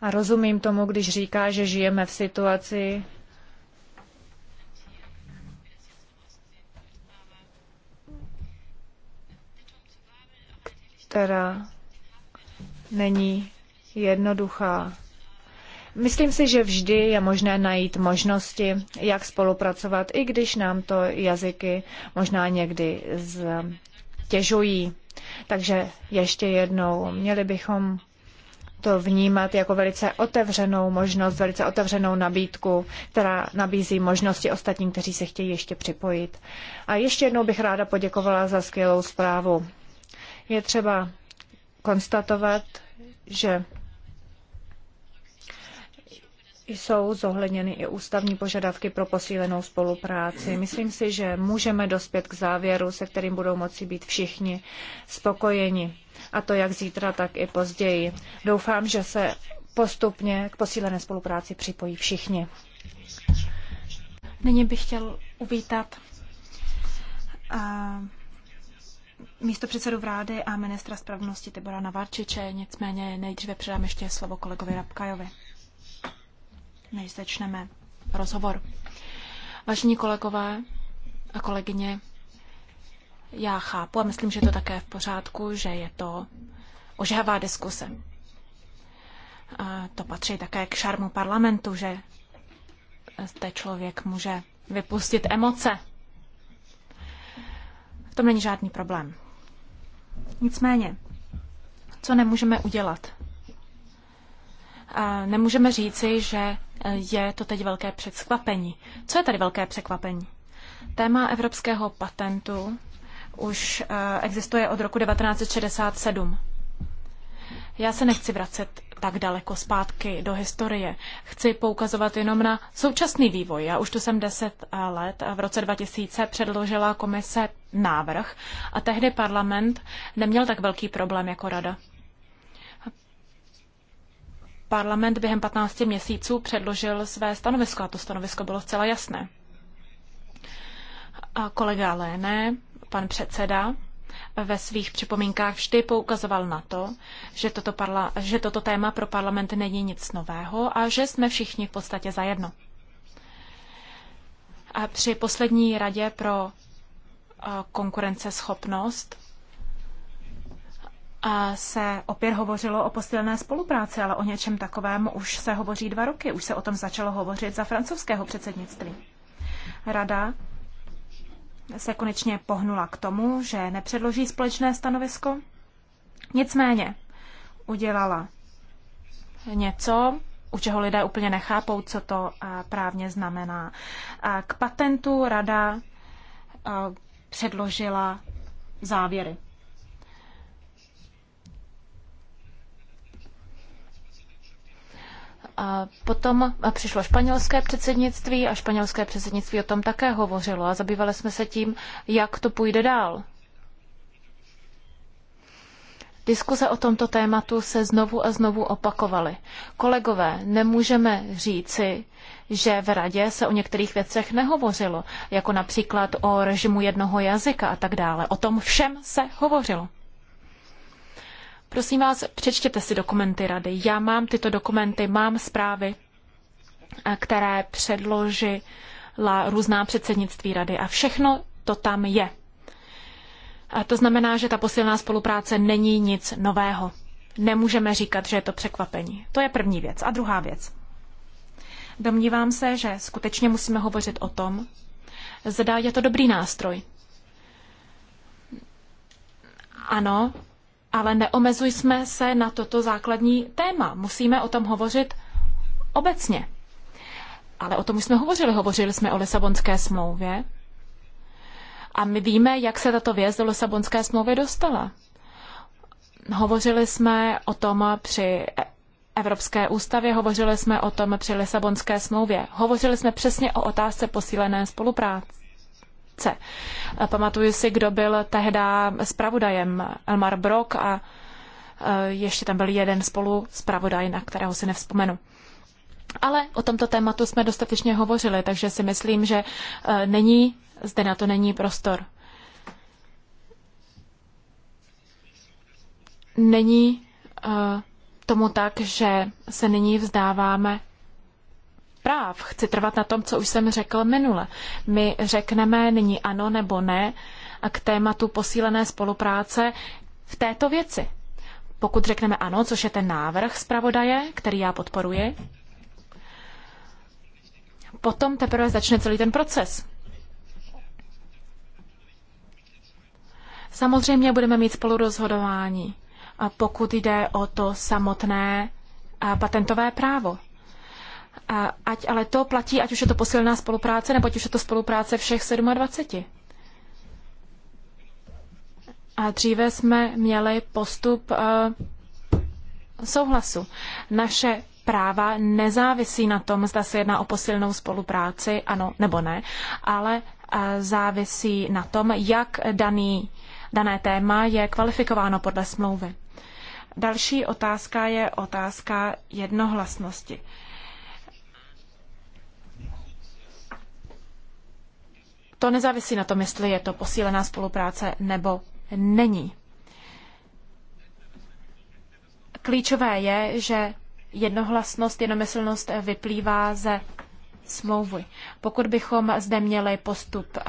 S1: a rozumím tomu, když říká, že žijeme v situaci, která není jednoduchá. Myslím si, že vždy je možné najít možnosti, jak spolupracovat, i když nám to jazyky možná někdy ztěžují. Takže ještě jednou, měli bychom to vnímat jako velice otevřenou možnost, velice otevřenou nabídku, která nabízí možnosti ostatním, kteří se chtějí ještě připojit. A ještě jednou bych ráda poděkovala za skvělou zprávu. Je třeba konstatovat, že jsou zohledněny i ústavní požadavky pro posílenou spolupráci. Myslím si, že můžeme dospět k závěru, se kterým budou moci být všichni spokojeni. A to jak zítra, tak i později. Doufám, že se postupně k posílené spolupráci připojí všichni. Nyní bych chtěl uvítat
S2: eh, místo předsedu vlády a ministra spravedlnosti Tibora Navarčiče. Nicméně nejdříve předám ještě slovo kolegovi Rabkajovi než začneme rozhovor. Vážení kolegové a kolegyně, já chápu a myslím, že to také v pořádku, že je to ožehavá diskuse. A to patří také k šarmu parlamentu, že zde člověk může vypustit emoce. V tom není žádný problém. Nicméně, co nemůžeme udělat? nemůžeme říci, že e, je to teď velké překvapení. Co je tady velké překvapení? Téma evropského patentu už e, existuje od roku 1967. Já se nechci vracet tak daleko zpátky do historie. Chci poukazovat jenom na současný vývoj. Já už tu jsem 10 e, let a v roce 2000 předložila komise návrh a tehdy parlament neměl tak velký problém jako rada. Parlament během 15 měsíců předložil své stanovisko a to stanovisko bylo zcela jasné. A kolega Léne, pan předseda, ve svých připomínkách vždy poukazoval na to, že toto, parla, že toto téma pro parlament není nic nového a že jsme všichni v podstatě zajedno. A při poslední radě pro konkurenceschopnost se opět hovořilo o posilné spolupráci, ale o něčem takovém už se hovoří dva roky. Už se o tom začalo hovořit za francouzského předsednictví. Rada se konečně pohnula k tomu, že nepředloží společné stanovisko. Nicméně udělala něco, u čeho lidé úplně nechápou, co to eh, právně znamená. K patentu rada eh, předložila závěry. A potom přišlo španělské předsednictví a španělské předsednictví o tom také hovořilo a zabývali jsme se tím, jak to půjde dál. Diskuze o tomto tématu se znovu a znovu opakovaly. Kolegové, nemůžeme říci, že v radě se o některých věcech nehovořilo, jako například o režimu jednoho jazyka a tak dále. O tom všem se hovořilo. Prosím vás, přečtěte si dokumenty rady. Já mám tyto dokumenty, mám zprávy, eh, které předložila různá předsednictví rady a všechno to tam je. A to znamená, že ta posilná spolupráce není nic nového. Nemůžeme říkat, že je to překvapení. To je první věc. A druhá věc. Domnívám se, že skutečně musíme hovořit o tom, zda je to dobrý nástroj. Ano, ale neomezujme se na toto základní téma. Musíme o tom hovořit obecně. Ale o tom už jsme hovořili. Hovořili jsme o Lisabonské smlouvě. A my víme, jak se tato věc do Lisabonské smlouvy dostala. Hovořili jsme o tom při Evropské ústavě, hovořili jsme o tom při Lisabonské smlouvě. Hovořili jsme přesně o otázce posílené spolupráce korupce. Pamatuju si, kdo byl tehda zpravodajem Elmar Brok a e, ještě tam byl jeden spolu zpravodaj, na kterého si nevzpomenu. Ale o tomto tématu jsme dostatečně hovořili, takže si myslím, že e, není, zde na to není prostor. Není e, tomu tak, že se nyní vzdáváme práv. Chci trvat na tom, co už jsem řekl minule. My řekneme nyní ano nebo ne a k tématu posílené spolupráce v této věci. Pokud řekneme ano, což je ten návrh zpravodaje, který já podporuji, potom teprve začne celý ten proces. Samozřejmě budeme mít spolurozhodování, pokud jde o to samotné patentové právo. Ať ale to platí, ať už je to posilná spolupráce, nebo ať už je to spolupráce všech 27. A dříve jsme měli postup eh, souhlasu. Naše práva nezávisí na tom, zda se jedná o posilnou spolupráci, ano nebo ne, ale eh, závisí na tom, jak daný, dané téma je kvalifikováno podle smlouvy. Další otázka je otázka jednohlasnosti. To nezávisí na tom, jestli je to posílená spolupráce nebo není. Klíčové je, že jednohlasnost, jednomyslnost vyplývá ze smlouvy. Pokud bychom zde měli postup eh,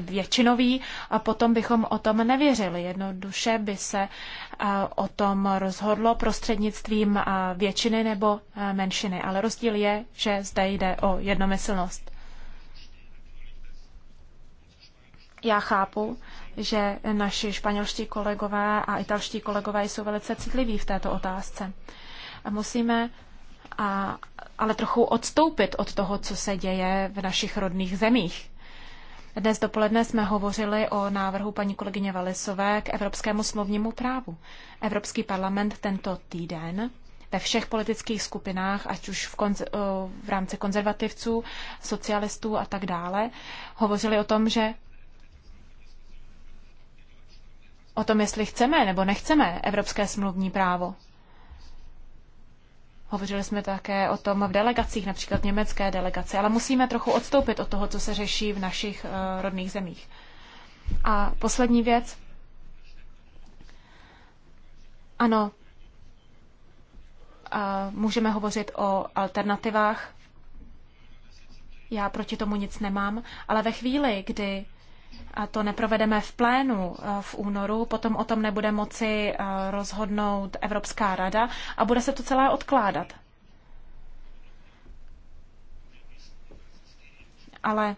S2: většinový, a potom bychom o tom nevěřili. Jednoduše by se eh, o tom rozhodlo prostřednictvím eh, většiny nebo menšiny. Ale rozdíl je, že zde jde o jednomyslnost. Já chápu, že naši španělští kolegové a italští kolegové jsou velice citliví v této otázce. Musíme a, ale trochu odstoupit od toho, co se děje v našich rodných zemích. Dnes dopoledne jsme hovořili o návrhu paní kolegyně Valisové k Evropskému smluvnímu právu. Evropský parlament tento týden ve všech politických skupinách, ať už v, konz- v rámci konzervativců, socialistů a tak dále, hovořili o tom, že o tom, jestli chceme nebo nechceme evropské smluvní právo. Hovořili jsme také o tom v delegacích, například v německé delegaci, ale musíme trochu odstoupit od toho, co se řeší v našich uh, rodných zemích. A poslední věc. Ano, uh, můžeme hovořit o alternativách. Já proti tomu nic nemám, ale ve chvíli, kdy a to neprovedeme v plénu eh, v únoru, potom o tom nebude moci eh, rozhodnout Evropská rada a bude se to celé odkládat. Ale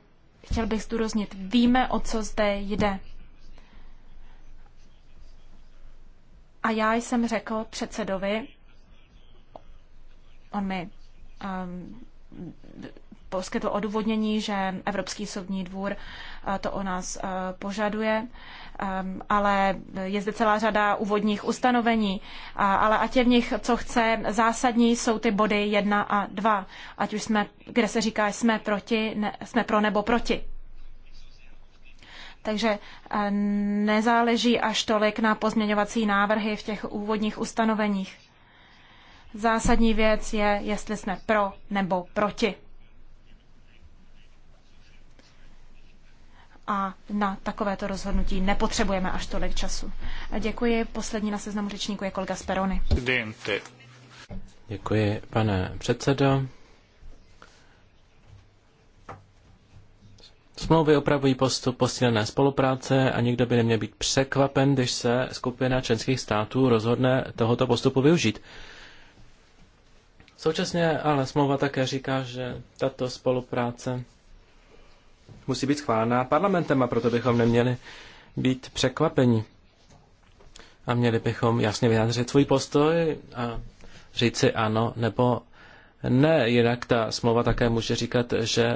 S2: chtěl bych zdůraznit, víme, o co zde jde. A já jsem řekl předsedovi, on mi um, poskytl odůvodnění, že Evropský soudní dvůr eh, to o nás eh, požaduje, ehm, ale je zde celá řada úvodních ustanovení, ale ať je v nich, co chce, zásadní jsou ty body 1 a 2, ať už jsme, kde se říká, jsme proti, ne, jsme pro nebo proti. Takže eh, nezáleží až tolik na pozměňovací návrhy v těch úvodních ustanoveních. Zásadní věc je, jestli jsme pro nebo proti. a na takovéto rozhodnutí nepotřebujeme až tolik času. Děkuji. Poslední na seznamu řečníku je kolega Sperony.
S3: Děkuji, pane předsedo. Smlouvy opravují postup posílené spolupráce a nikdo by neměl být překvapen, když se skupina členských států rozhodne tohoto postupu využít. Současně ale smlouva také říká, že tato spolupráce musí být schválená parlamentem a proto bychom neměli být překvapení. A měli bychom jasně vyjádřit svůj postoj a říci ano nebo ne, jinak ta smlouva také může říkat, že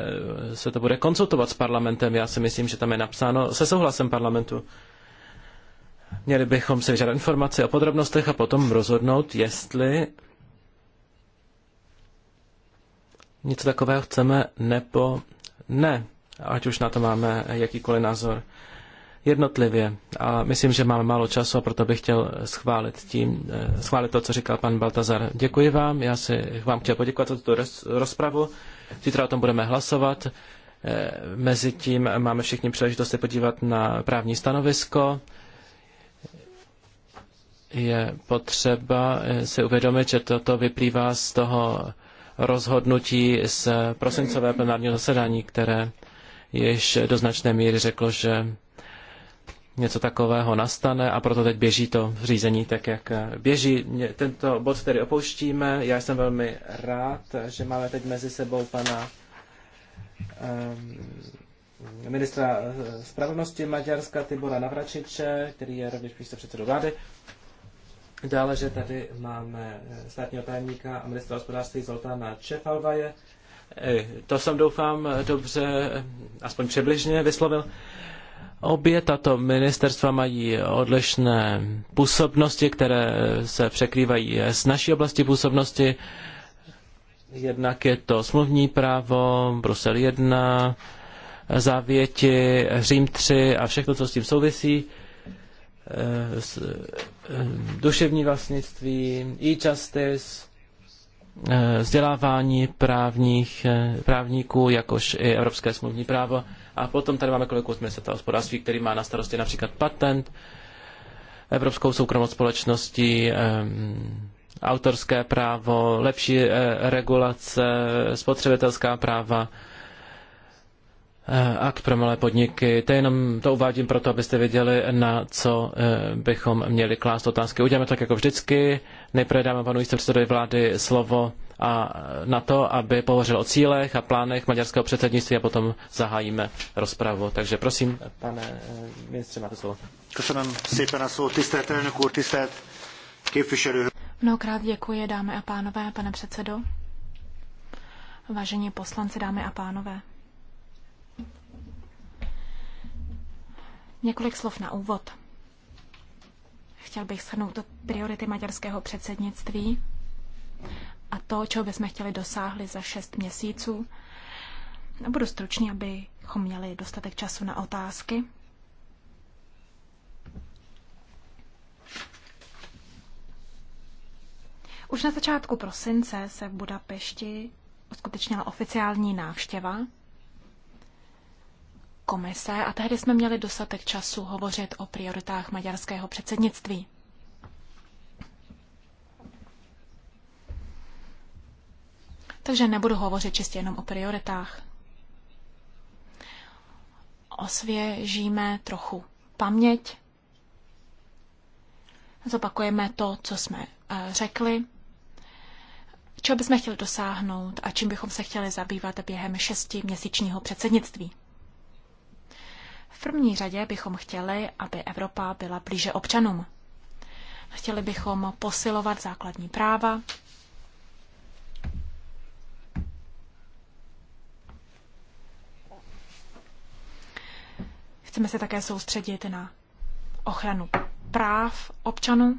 S3: se to bude konzultovat s parlamentem. Já si myslím, že tam je napsáno se souhlasem parlamentu. Měli bychom si vyžádat informace o podrobnostech a potom rozhodnout, jestli něco takového chceme nebo ne ať už na to máme jakýkoliv názor jednotlivě. A myslím, že máme málo času a proto bych chtěl schválit, tím, eh, schválit to, co říkal pan Baltazar. Děkuji vám, já si vám chtěl poděkovat za tuto rozpravu. Zítra o tom budeme hlasovat. Eh, Mezitím máme všichni příležitost se podívat na právní stanovisko. Je potřeba eh, si uvědomit, že toto vyplývá z toho rozhodnutí z prosincové plenárního zasedání, které již do značné míry řeklo, že něco takového nastane a proto teď běží to řízení tak, jak eh, běží. Tento bod tedy opouštíme. Já jsem velmi rád, že máme teď mezi sebou pana um, ministra eh, spravedlnosti Maďarska Tibora Navračiče, který je rovněž předsedu vlády. Dále, že tady máme eh, státního tajemníka a ministra hospodářství Zoltána Čefalvaje, Eh, to jsem doufám dobře, aspoň přibližně vyslovil. Obě tato ministerstva mají odlišné působnosti, které se překrývají s naší oblasti působnosti. Jednak je to smluvní právo, Brusel 1, závěti, Řím 3 a všechno, co s tím souvisí. Eh, eh, duševní vlastnictví, e-justice, Eh, vzdělávání právních, eh, právníků, jakož i evropské smluvní právo. A potom tady máme kolegu z ministerstva hospodářství, který má na starosti například patent, evropskou soukromou společností, eh, autorské právo, lepší regulace, spotřebitelská práva, akt pro malé podniky. To jenom to uvádím proto, abyste věděli, na co bychom měli klást otázky. Uděláme tak jako vždycky. Nejprve dáme panu místopředsedovi vlády slovo a na to, aby pohovořil o cílech a plánech maďarského předsednictví a potom zahájíme rozpravu. Takže prosím, pane eh, ministře, máte slovo. Köszönöm szépen a szót, tisztelt elnök úr, tisztelt képviselő.
S2: Mnohokrát děkuji, dámy a pánové, pane předsedo. Vážení poslanci, dámy a pánové. Několik slov na úvod. Chtěl bych shrnout to priority maďarského předsednictví a to, čeho bychom chtěli dosáhli za šest měsíců. Budu stručný, abychom měli dostatek času na otázky. Už na začátku prosince se v Budapešti uskutečnila oficiální návštěva komise a tehdy jsme měli dostatek času hovořit o prioritách maďarského předsednictví. Takže nebudu hovořit čistě jenom o prioritách. Osvěžíme trochu paměť, zopakujeme to, co jsme eh, řekli, čeho bychom chtěli dosáhnout a čím bychom se chtěli zabývat během šesti měsíčního předsednictví. V první řadě bychom chtěli, aby Evropa byla blíže občanům. Chtěli bychom posilovat základní práva, Chceme se také soustředit na ochranu práv občanů,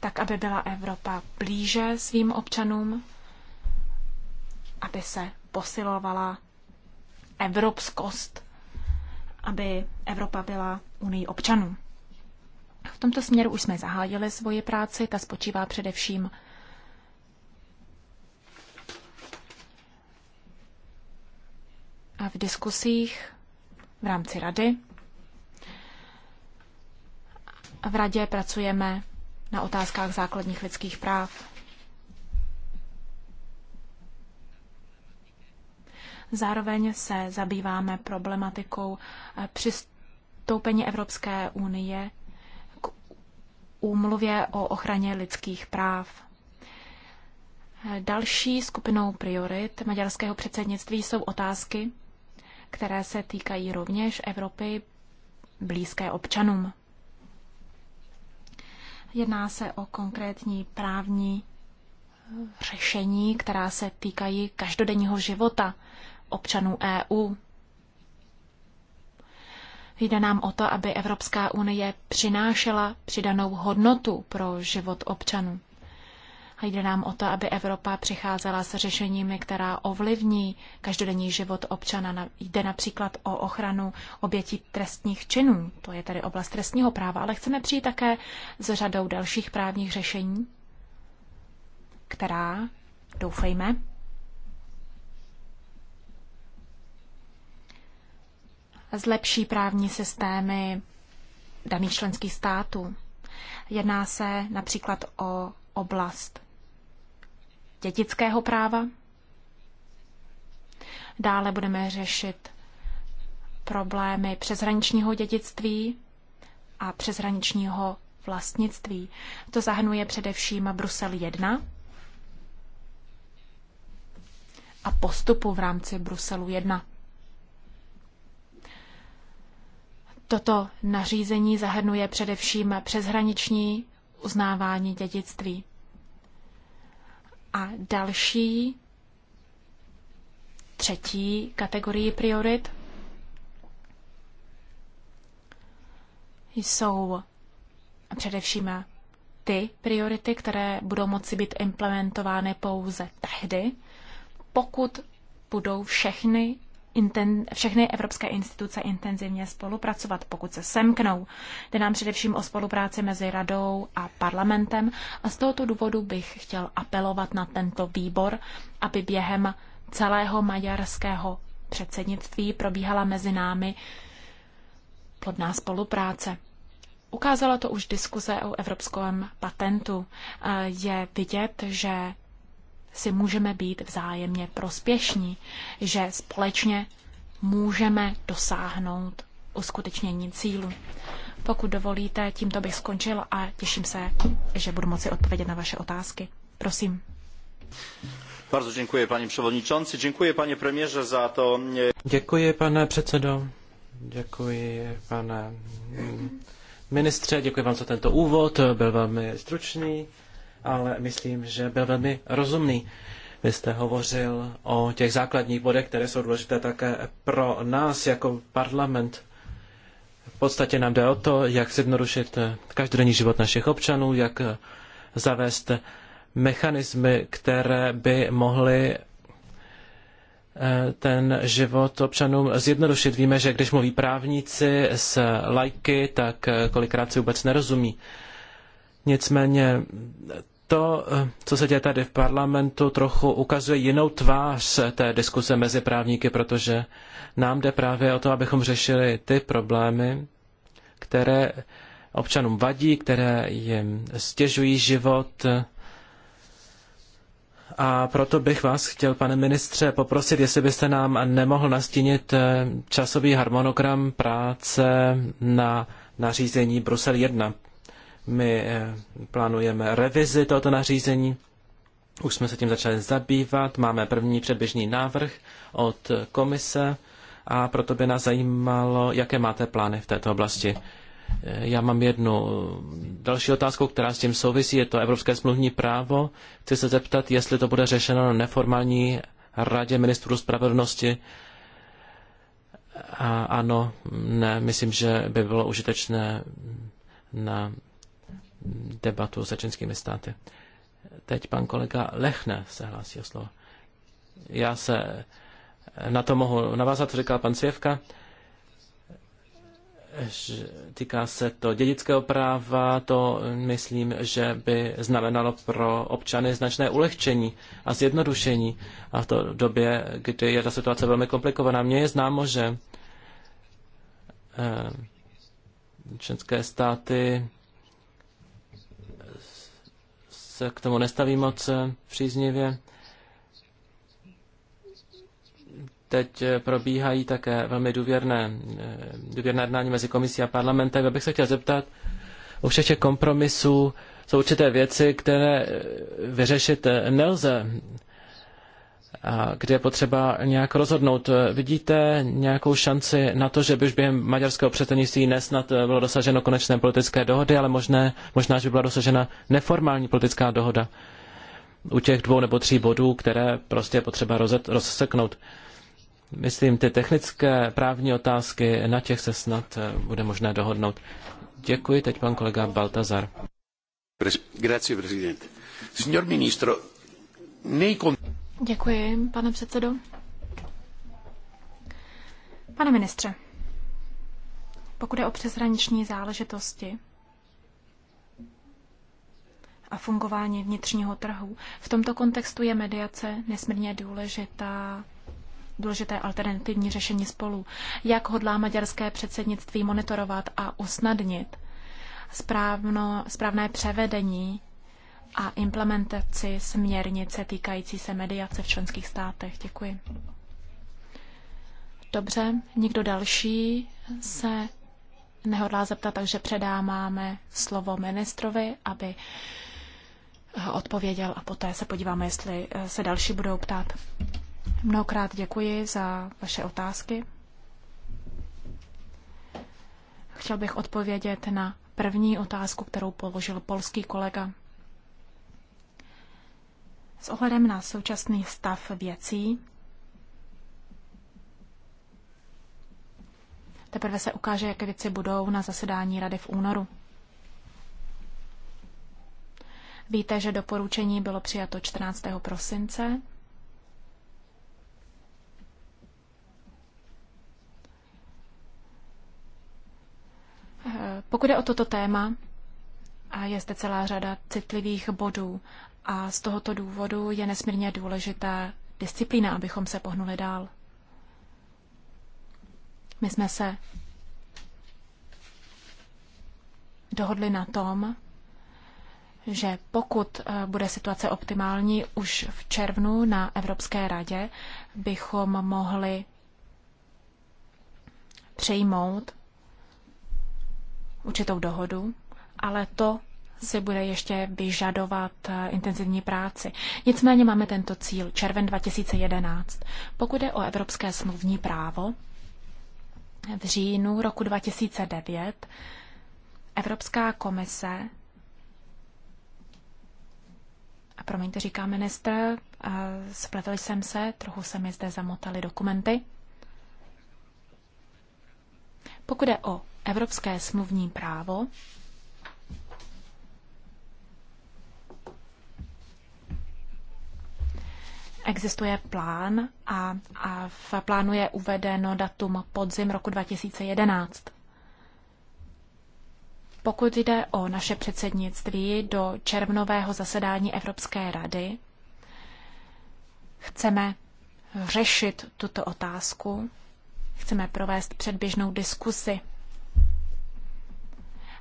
S2: tak aby byla Evropa blíže svým občanům, aby se posilovala evropskost aby Evropa byla unii občanů. V tomto směru už jsme zahájili svoji práci, ta spočívá především a v diskusích v rámci rady. V radě pracujeme na otázkách základních lidských práv. Zároveň se zabýváme problematikou eh, přistoupení Evropské unie k úmluvě o ochraně lidských práv. Eh, další skupinou priorit maďarského předsednictví jsou otázky, které se týkají rovněž Evropy blízké občanům. Jedná se o konkrétní právní eh, řešení, která se týkají každodenního života občanů EU. Jde nám o to, aby Evropská unie přinášela přidanou hodnotu pro život občanů. A jde nám o to, aby Evropa přicházela s řešeními, která ovlivní každodenní život občana. Jde například o ochranu obětí trestních činů, to je tedy oblast trestního práva, ale chceme přijít také s řadou dalších právních řešení, která, doufejme, zlepší právní systémy daných členských států. Jedná se například o oblast dědického práva. Dále budeme řešit problémy přeshraničního dědictví a přeshraničního vlastnictví. To zahrnuje především Brusel 1 a postupu v rámci Bruselu 1. Toto nařízení zahrnuje především přeshraniční uznávání dědictví. A další, třetí kategorii priorit jsou především ty priority, které budou moci být implementovány pouze tehdy, pokud budou všechny inten, všechny evropské instituce intenzivně spolupracovat, pokud se semknou. Jde nám především o spolupráci mezi radou a parlamentem a z tohoto důvodu bych chtěl apelovat na tento výbor, aby během celého maďarského předsednictví probíhala mezi námi plodná spolupráce. Ukázala to už diskuze o evropském patentu. Eh, je vidět, že si můžeme být vzájemně prospěšní, že společně můžeme dosáhnout uskutečnění cílu. Pokud dovolíte, tímto bych skončil a těším se, že budu
S3: moci odpovědět na vaše otázky. Prosím. Bardzo dziękuję panie przewodniczący, dziękuję panie premierze za to. E, děkuji pane předsedo, děkuji pane mm, ministře, děkuji vám za tento úvod, byl velmi stručný ale myslím, že byl velmi rozumný. Vy jste hovořil o těch základních bodech, které jsou důležité také pro nás jako parlament. V podstatě nám jde o to, jak zjednodušit každodenní život našich občanů, jak zavést mechanismy, které by mohly eh, ten život občanům zjednodušit. Víme, že když mluví právníci s lajky, tak eh, kolikrát si vůbec nerozumí. Nicméně to, eh, co se děje tady v parlamentu, trochu ukazuje jinou tvář té diskuse mezi právníky, protože nám jde právě o to, abychom řešili ty problémy, které občanům vadí, které jim stěžují život. A proto bych vás chtěl, pane ministře, poprosit, jestli byste nám nemohl nastínit eh, časový harmonogram práce na nařízení Brusel 1 my eh, plánujeme revizi tohoto nařízení. Už jsme se tím začali zabývat. Máme první předběžný návrh od komise a proto by nás zajímalo, jaké máte plány v této oblasti. Eh, já mám jednu další otázku, která s tím souvisí, je to Evropské smluvní právo. Chci se zeptat, jestli to bude řešeno na neformální radě ministrů spravedlnosti. A ano, ne, myslím, že by bylo užitečné na debatu se čínskými státy. Teď pan kolega Lechne se hlásí o slovo. Já se na to mohu navázat, říkal pan Svěvka. Týká se to dědického práva, to myslím, že by znamenalo pro občany značné ulehčení a zjednodušení. A v to době, kdy je ta situace velmi komplikovaná, mně je známo, že eh, členské státy se k tomu nestaví moc eh, příznivě. Teď eh, probíhají také velmi důvěrné, eh, důvěrné jednání mezi komisí a parlamentem. Já bych se chtěl zeptat, u všech těch kompromisů jsou určité věci, které vyřešit nelze kde je potřeba nějak rozhodnout. Vidíte nějakou šanci na to, že by už během maďarského předsednictví nesnad eh, bylo dosaženo konečné politické dohody, ale možné, možná, že by byla dosažena neformální politická dohoda u těch dvou nebo tří bodů, které prostě je potřeba rozet, rozseknout. Myslím, ty technické právní otázky, na těch se snad eh, bude možné dohodnout. Děkuji, teď pan kolega Baltazar.
S2: Grazie,
S1: prezident. Signor
S2: ministro, Děkuji, pane předsedo. Pane ministře, pokud je o přeshraniční záležitosti a fungování vnitřního trhu, v tomto kontextu je mediace nesmírně důležitá důležité alternativní řešení spolu. Jak hodlá maďarské předsednictví monitorovat a usnadnit správno, správné převedení a implementaci směrnice týkající se mediace v členských státech. Děkuji. Dobře, nikdo další se nehodlá zeptat, takže předáváme slovo ministrovi, aby odpověděl a poté se podíváme, jestli se další budou ptát. Mnohokrát děkuji za vaše otázky. Chtěl bych odpovědět na první otázku, kterou položil polský kolega. S ohledem na současný stav věcí teprve se ukáže, jaké věci budou na zasedání rady v únoru. Víte, že doporučení bylo přijato 14. prosince. Eh, pokud je o toto téma, a je zde celá řada citlivých bodů a z tohoto důvodu je nesmírně důležitá disciplína, abychom se pohnuli dál. My jsme se dohodli na tom, že pokud eh, bude situace optimální už v červnu na Evropské radě, bychom mohli přejmout určitou dohodu, ale to si bude ještě vyžadovat eh, intenzivní práci. Nicméně máme tento cíl, červen 2011. Pokud je o evropské smluvní právo, v říjnu roku 2009 Evropská komise, a promiňte, říká ministr, spletl jsem se, trochu se mi zde zamotaly dokumenty. Pokud je o evropské smluvní právo, Existuje plán a, a v plánu je uvedeno datum podzim roku 2011. Pokud jde o naše předsednictví do červnového zasedání Evropské rady, chceme řešit tuto otázku, chceme provést předběžnou diskusi.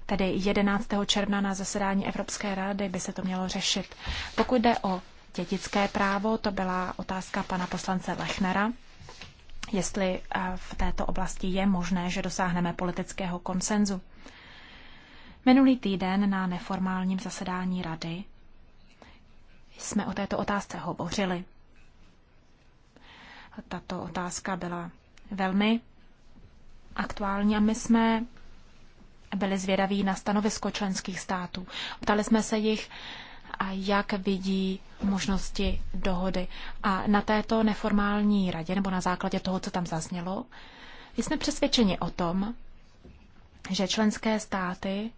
S2: Tedy 11. června na zasedání Evropské rady by se to mělo řešit. Pokud jde o dětické právo, to byla otázka pana poslance Lechnera, jestli eh, v této oblasti je možné, že dosáhneme politického konsenzu. Minulý týden na neformálním zasedání rady jsme o této otázce hovořili. Tato otázka byla velmi aktuální a my jsme byli zvědaví na stanovisko členských států. Ptali jsme se jich, jak vidí možnosti dohody. A na této neformální radě, nebo na základě toho, co tam zaznělo, jsme přesvědčeni o tom, že členské státy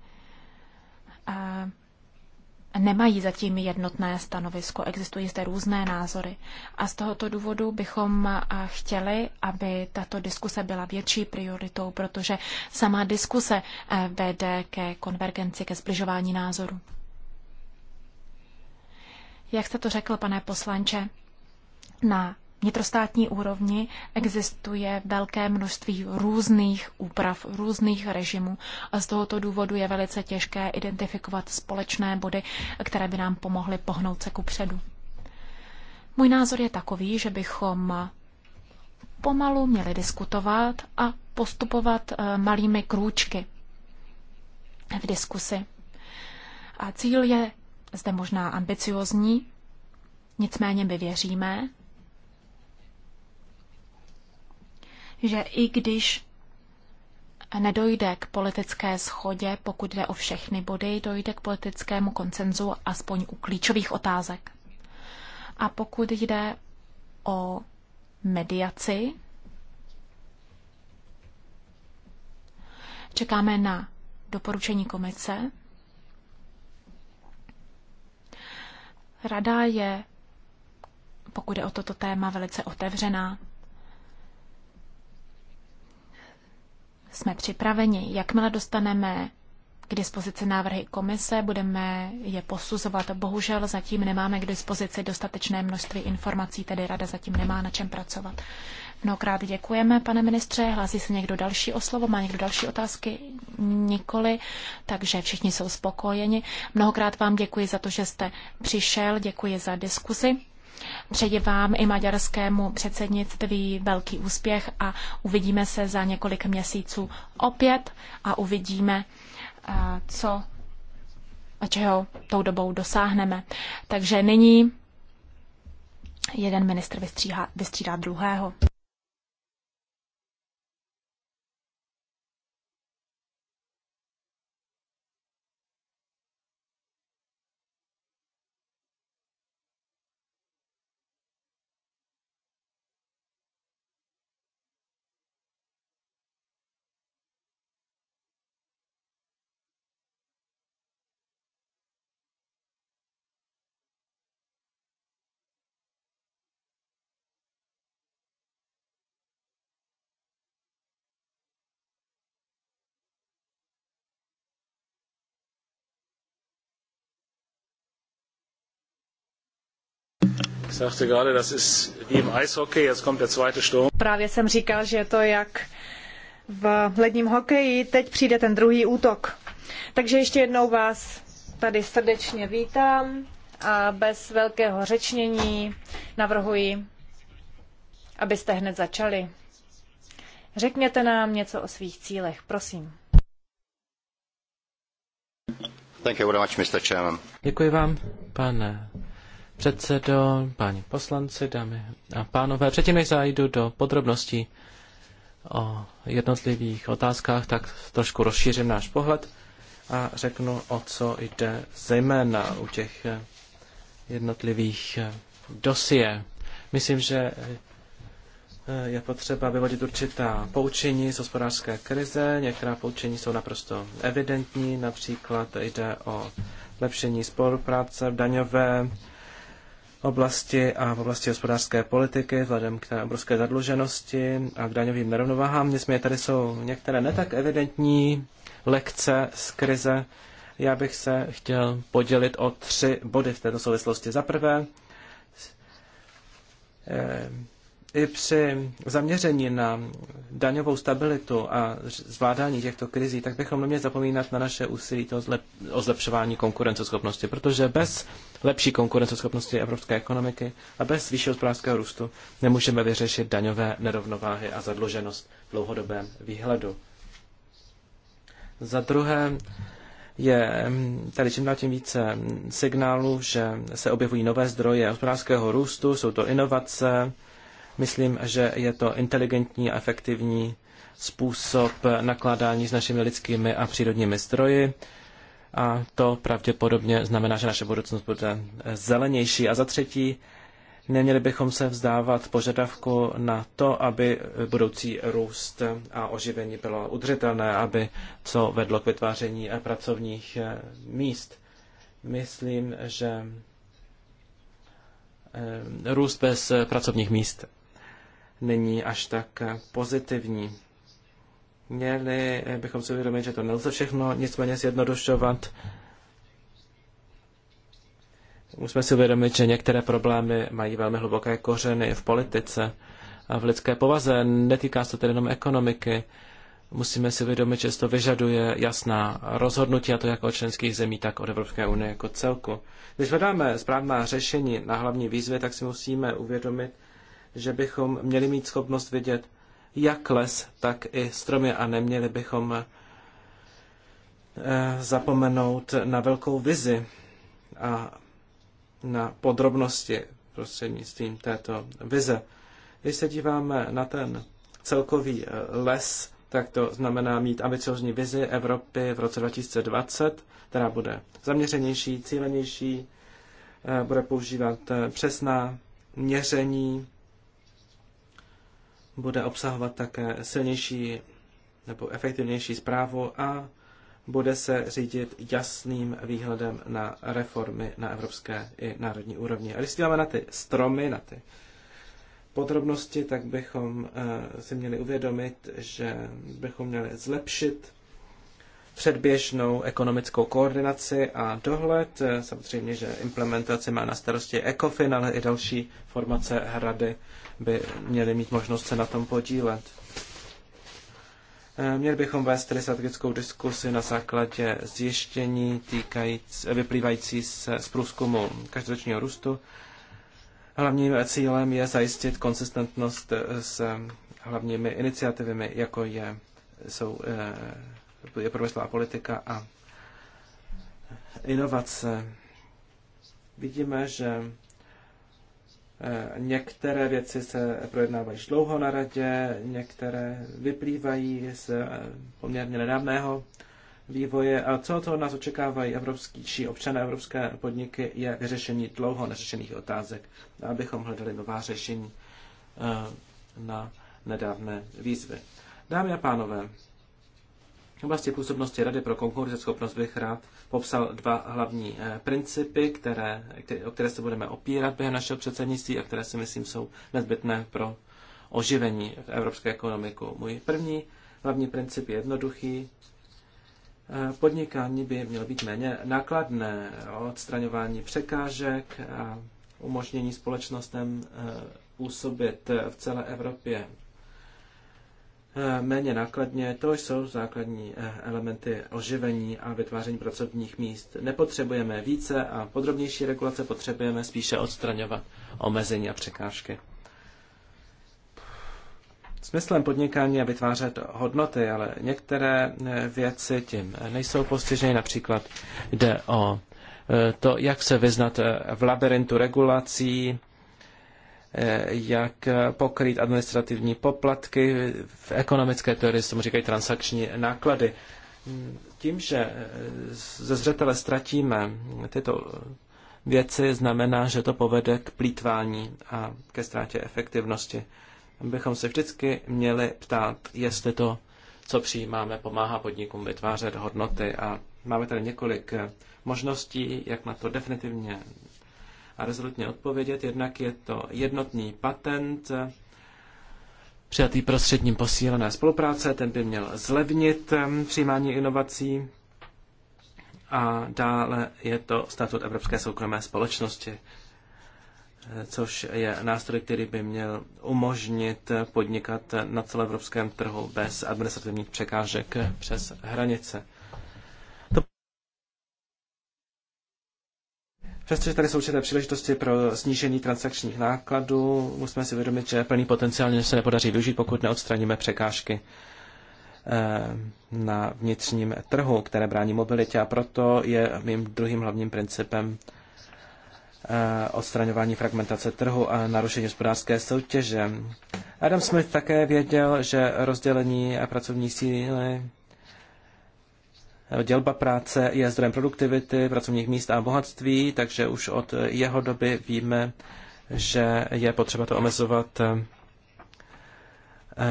S2: nemají zatím jednotné stanovisko, existují zde různé názory. A z tohoto důvodu bychom chtěli, aby tato diskuse byla větší prioritou, protože sama diskuse vede ke konvergenci, ke zbližování názorů. Jak jste to řekl, pane poslanče, na vnitrostátní úrovni existuje velké množství různých úprav, různých režimů a z tohoto důvodu je velice těžké identifikovat společné body, které by nám pomohly pohnout se ku předu. Můj názor je takový, že bychom pomalu měli diskutovat a postupovat eh, malými krůčky v diskusi. A cíl je zde možná ambiciozní, nicméně my věříme, že i když nedojde k politické schodě, pokud jde o všechny body, dojde k politickému koncenzu aspoň u klíčových otázek. A pokud jde o mediaci, čekáme na doporučení komise Rada je, pokud je o toto téma, velice otevřená. Jsme připraveni, jakmile dostaneme k dispozici návrhy komise, budeme je posuzovat. Bohužel zatím nemáme k dispozici dostatečné množství informací, tedy rada zatím nemá na čem pracovat. Mnohokrát děkujeme, pane ministře. Hlásí se někdo další o slovo? Má někdo další otázky? Nikoli, takže všichni jsou spokojeni. Mnohokrát vám děkuji za to, že jste přišel, děkuji za diskuzi. Přeji vám i maďarskému předsednictví velký úspěch a uvidíme se za několik měsíců opět a uvidíme, co a čeho tou dobou dosáhneme. Takže nyní jeden ministr vystříhá, vystřídá druhého.
S1: Právě jsem říkal, že je to jak v ledním hokeji, teď přijde ten druhý útok. Takže ještě jednou vás tady srdečně vítám a bez velkého řečnění navrhuji, abyste hned začali. Řekněte nám něco o svých cílech, prosím.
S3: Děkuji vám, pane předsedo, páni poslanci, dámy a pánové. Předtím, než zajdu do podrobností o jednotlivých otázkách, tak trošku rozšířím náš pohled a řeknu, o co jde zejména u těch jednotlivých dosie. Myslím, že je potřeba vyvodit určitá poučení z hospodářské krize. Některá poučení jsou naprosto evidentní, například jde o lepšení spolupráce v daňové oblasti a v oblasti hospodářské politiky, vzhledem k té obrovské zadluženosti a k daňovým nerovnováhám. Nicméně tady jsou některé netak evidentní lekce z krize. Já bych se chtěl podělit o tři body v této souvislosti. Za prvé, eh, i při zaměření na daňovou stabilitu a zvládání těchto krizí, tak bychom neměli zapomínat na naše úsilí to zlep- o zlepšování konkurenceschopnosti, protože bez lepší konkurenceschopnosti evropské ekonomiky a bez vyššího hospodářského růstu nemůžeme vyřešit daňové nerovnováhy a zadluženost v dlouhodobém výhledu. Za druhé je tady čím dál tím více signálů, že se objevují nové zdroje hospodářského růstu, jsou to inovace, myslím, že je to inteligentní a efektivní způsob nakládání s našimi lidskými a přírodními stroji a to pravděpodobně znamená, že naše budoucnost bude zelenější. A za třetí, neměli bychom se vzdávat požadavku na to, aby budoucí růst a oživení bylo udržitelné, aby co vedlo k vytváření pracovních míst. Myslím, že eh, růst bez pracovních míst není až tak pozitivní. Měli eh, bychom si uvědomit, že to nelze všechno nicméně zjednodušovat. Musíme si uvědomit, že některé problémy mají velmi hluboké kořeny v politice a v lidské povaze. Netýká se to tedy jenom ekonomiky. Musíme si uvědomit, že to vyžaduje jasná rozhodnutí, a to jak od členských zemí, tak od Evropské unie jako celku. Když hledáme správná řešení na hlavní výzvy, tak si musíme uvědomit, že bychom měli mít schopnost vidět jak les, tak i stromy a neměli bychom eh, zapomenout na velkou vizi a na podrobnosti prostřednictvím této vize. Když se díváme na ten celkový eh, les, tak to znamená mít ambiciozní vizi Evropy v roce 2020, která bude zaměřenější, cílenější, eh, bude používat přesná měření bude obsahovat také silnější nebo efektivnější zprávu a bude se řídit jasným výhledem na reformy na evropské i národní úrovni. A když se na ty stromy, na ty podrobnosti, tak bychom eh, si měli uvědomit, že bychom měli zlepšit předběžnou ekonomickou koordinaci a dohled. Samozřejmě, že implementaci má na starosti ECOFIN, ale i další formace hrady by měly mít možnost se na tom podílet. Eh, měli bychom vést tedy strategickou diskusi na základě zjištění týkajíc, vyplývající se z průzkumu každoročního růstu. Hlavním cílem je zajistit konsistentnost s hlavními iniciativami, jako je, jsou eh, je průmyslová politika a inovace. Vidíme, že eh, některé věci se projednávají dlouho na radě, některé vyplývají z eh, poměrně nedávného vývoje. A co to nás očekávají evropský či občané evropské podniky, je vyřešení dlouho neřešených otázek, abychom hledali nová řešení eh, na nedávné výzvy. Dámy a pánové, v oblasti působnosti Rady pro konkurenceschopnost bych rád popsal dva hlavní eh, principy, které, které, o které se budeme opírat během našeho předsednictví a které si myslím jsou nezbytné pro oživení evropské ekonomiky. Můj první hlavní princip je jednoduchý. Eh, podnikání by mělo být méně nákladné, odstraňování překážek a umožnění společnostem eh, působit v celé Evropě Eh, méně nákladně, to jsou základní eh, elementy oživení a vytváření pracovních míst. Nepotřebujeme více a podrobnější regulace potřebujeme spíše odstraňovat omezení a překážky. Smyslem podnikání je vytvářet hodnoty, ale některé eh, věci tím nejsou postiženy. Například jde o to, jak se vyznat v labirintu regulací, Eh, jak pokrýt administrativní poplatky, v ekonomické teorii se tomu říkají transakční náklady. Tím, že eh, ze zřetele ztratíme tyto věci, znamená, že to povede k plítvání a ke ztrátě efektivnosti. Bychom se vždycky měli ptát, jestli to, co přijímáme, pomáhá podnikům vytvářet hodnoty a Máme tady několik eh, možností, jak na to definitivně a rezolutně odpovědět. Jednak je to jednotný patent, přijatý prostředním posílené spolupráce, ten by měl zlevnit přijímání inovací a dále je to statut Evropské soukromé společnosti, což je nástroj, který by měl umožnit podnikat na celoevropském trhu bez administrativních překážek přes hranice. Přestože tady jsou určité příležitosti pro snížení transakčních nákladů, musíme si vědomit, že plný potenciál se nepodaří využít, pokud neodstraníme překážky eh, na vnitřním trhu, které brání mobilitě a proto je mým druhým hlavním principem eh, odstraňování fragmentace trhu a narušení hospodářské soutěže. Adam Smith také věděl, že rozdělení pracovní síly Dělba práce je zdrojem produktivity, pracovních míst a bohatství, takže už od jeho doby víme, že je potřeba to omezovat eh,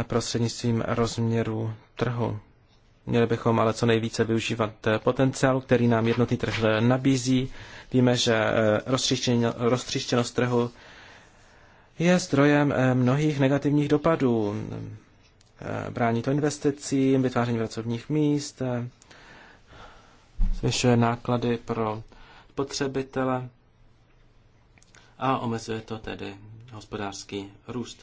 S3: prostřednictvím rozměru trhu. Měli bychom ale co nejvíce využívat eh, potenciál, který nám jednotný trh eh, nabízí. Víme, že roztříštěnost trhu je zdrojem mnohých negativních dopadů. Brání to investicím, vytváření pracovních míst, zvyšuje náklady pro potřebitele a omezuje to tedy hospodářský růst.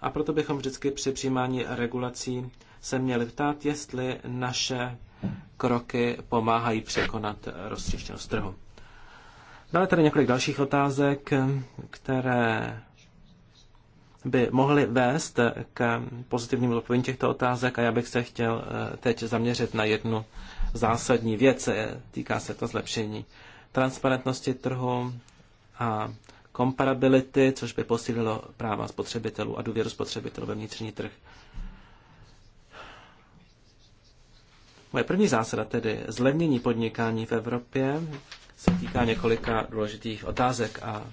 S3: A proto bychom vždycky při přijímání regulací se měli ptát, jestli naše kroky pomáhají překonat roztříštěnost trhu. Dále tady několik dalších otázek, které by mohly vést k pozitivnímu odpovědi těchto otázek a já bych se chtěl eh, teď zaměřit na jednu zásadní věc. Eh, týká se to zlepšení transparentnosti trhu a komparability, což by posílilo práva spotřebitelů a důvěru spotřebitelů ve vnitřní trh. Moje první zásada, tedy zlevnění podnikání v Evropě, se týká několika důležitých otázek a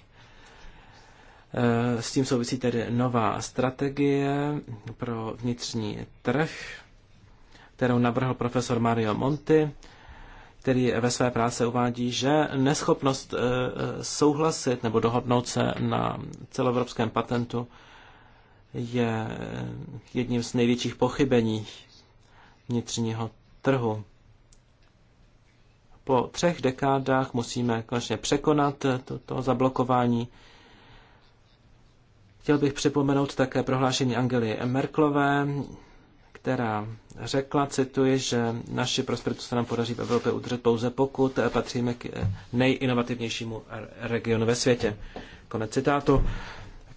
S3: Eh, s tím souvisí tedy nová strategie pro vnitřní trh, kterou navrhl profesor Mario Monti, který ve své práci uvádí, že neschopnost eh, souhlasit nebo dohodnout se na celoevropském patentu je jedním z největších pochybení vnitřního trhu. Po třech dekádách musíme konečně překonat toto zablokování Chtěl bych připomenout také prohlášení Angely Merklové, která řekla, cituji, že naši prosperitu se nám podaří v Evropě udržet pouze pokud patříme k nejinovativnějšímu regionu ve světě. Konec citátu.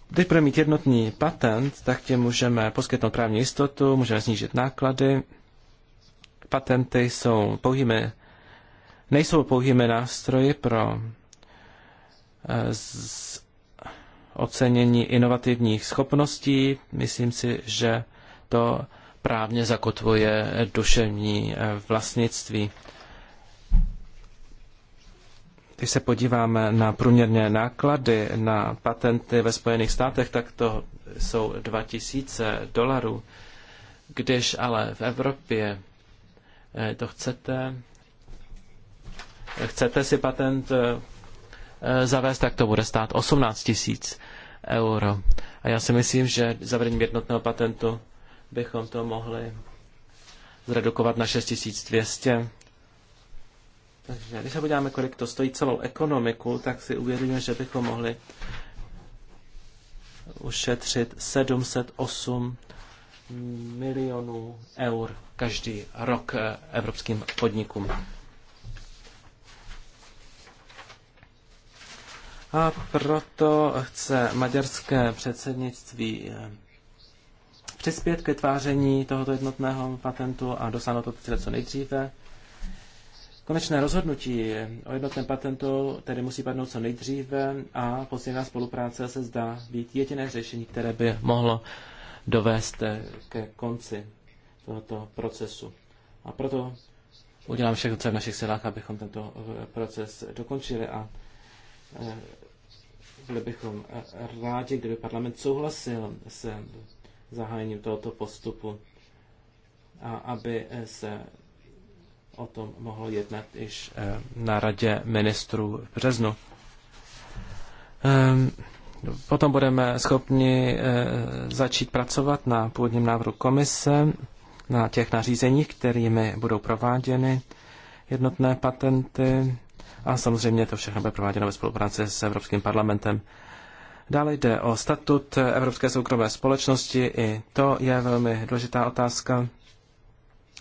S3: Když budeme mít jednotný patent, tak tě můžeme poskytnout právní jistotu, můžeme snížit náklady. Patenty jsou pouhými, nejsou pouhými nástroji pro eh, z ocenění inovativních schopností. Myslím si, že to právně zakotvuje duševní eh, vlastnictví. Když se podíváme na průměrné náklady na patenty ve Spojených státech, tak to jsou 2000 dolarů. Když ale v Evropě eh, to chcete, chcete si patent eh, Eh, zavést, tak to bude stát 18 tisíc euro. A já si myslím, že zavedením jednotného patentu bychom to mohli zredukovat na 6200. Takže když se podíváme, kolik to stojí celou ekonomiku, tak si uvědomíme, že bychom mohli ušetřit 708 milionů eur každý rok eh, evropským podnikům. A proto chce maďarské předsednictví eh, přispět k tváření tohoto jednotného patentu a dosáhnout to cíle co nejdříve. Konečné rozhodnutí o jednotném patentu tedy musí padnout co nejdříve a posílená spolupráce se zdá být jediné řešení, které by mohlo dovést eh, ke konci tohoto procesu. A proto udělám všechno, co je v našich silách, abychom tento eh, proces dokončili a byli bychom rádi, kdyby parlament souhlasil se zahájením tohoto postupu a aby se o tom mohlo jednat již eh, na radě ministrů v březnu. Ehm, potom budeme schopni eh, začít pracovat na původním návrhu komise, na těch nařízeních, kterými budou prováděny jednotné patenty. A samozřejmě to všechno bude prováděno ve spolupráci s Evropským parlamentem. Dále jde o statut Evropské soukromé společnosti. I to je velmi důležitá otázka,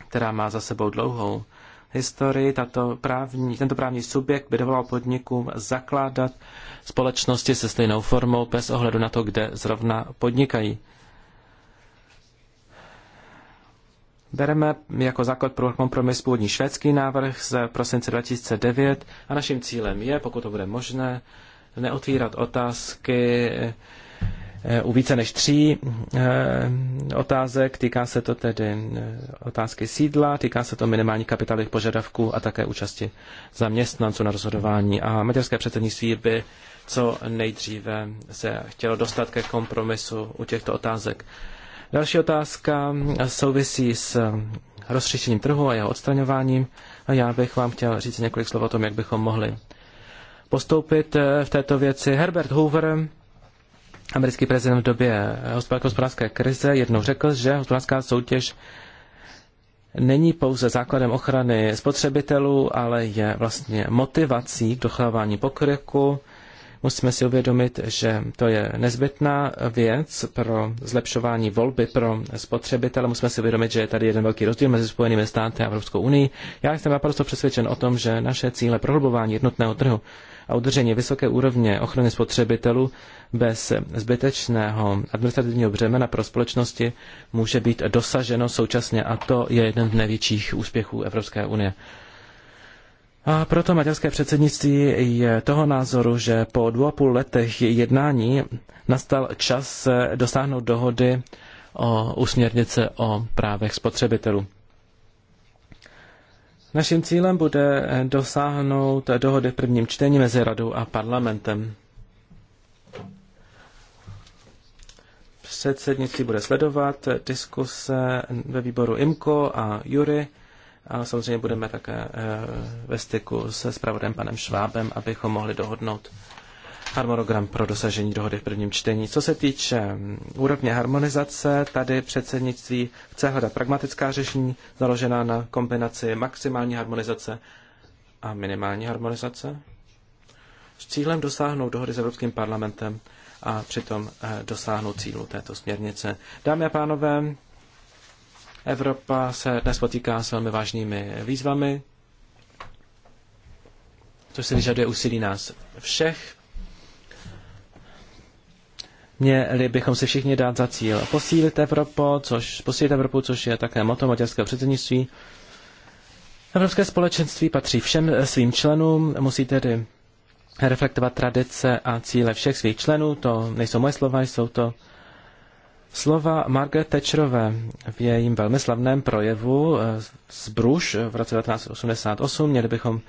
S3: která má za sebou dlouhou historii. Tato právní, tento právní subjekt by dovolal podnikům zakládat společnosti se stejnou formou bez ohledu na to, kde zrovna podnikají. Bereme jako základ pro kompromis původní švédský návrh z prosince 2009 a naším cílem je, pokud to bude možné, neotvírat otázky eh, u více než tří eh, otázek. Týká se to tedy eh, otázky sídla, týká se to minimální kapitálových požadavků a také účasti zaměstnanců na rozhodování. A maďarské předsednictví by co nejdříve se chtělo dostat ke kompromisu u těchto otázek. Další otázka souvisí s rozšířením trhu a jeho odstraňováním. A já bych vám chtěl říct několik slov o tom, jak bychom mohli postoupit eh, v této věci. Herbert Hoover, americký prezident v době hospodářské krize, jednou řekl, že hospodářská soutěž není pouze základem ochrany spotřebitelů, ale je vlastně motivací k dochávání pokryku. Musíme si uvědomit, že to je nezbytná věc pro zlepšování volby pro spotřebitele. Musíme si uvědomit, že je tady jeden velký rozdíl mezi Spojenými státy a Evropskou unii. Já jsem naprosto přesvědčen o tom, že naše cíle prohlubování jednotného trhu a udržení vysoké úrovně ochrany spotřebitelů bez zbytečného administrativního břemena pro společnosti může být dosaženo současně a to je jeden z největších úspěchů Evropské unie. A proto maďarské předsednictví je toho názoru, že po dvou a půl letech jednání nastal čas dosáhnout dohody o usměrnice o právech spotřebitelů. Naším cílem bude dosáhnout dohody v prvním čtení mezi radou a parlamentem. Předsednictví bude sledovat diskuse ve výboru IMCO a JURY a samozřejmě budeme také eh, ve styku se zpravodem panem Švábem, abychom mohli dohodnout harmonogram pro dosažení dohody v prvním čtení. Co se týče mm, úrovně harmonizace, tady předsednictví chce hledat pragmatická řešení založená na kombinaci maximální harmonizace a minimální harmonizace s cílem dosáhnout dohody s Evropským parlamentem a přitom eh, dosáhnout cílu této směrnice. Dámy a pánové, Evropa se dnes potýká s velmi vážnými výzvami, což se vyžaduje úsilí nás všech. Měli bychom si všichni dát za cíl posílit Evropu, což, posílit Evropu, což je také moto maďarského předsednictví. Evropské společenství patří všem svým členům, musí tedy reflektovat tradice a cíle všech svých členů. To nejsou moje slova, jsou to Slova Margaret Thatcherové v jejím velmi slavném projevu eh, z Bruš v roce 1988 měli bychom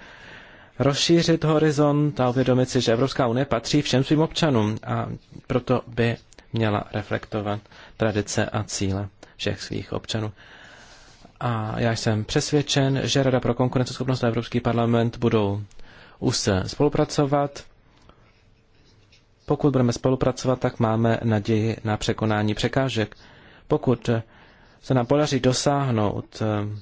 S3: rozšířit horizont a uvědomit si, že Evropská unie patří všem svým občanům a proto by měla reflektovat tradice a cíle všech svých občanů. A já jsem přesvědčen, že Rada pro konkurenceschopnost a Evropský parlament budou už spolupracovat pokud budeme spolupracovat, tak máme naději na překonání překážek. Pokud se nám podaří dosáhnout eh,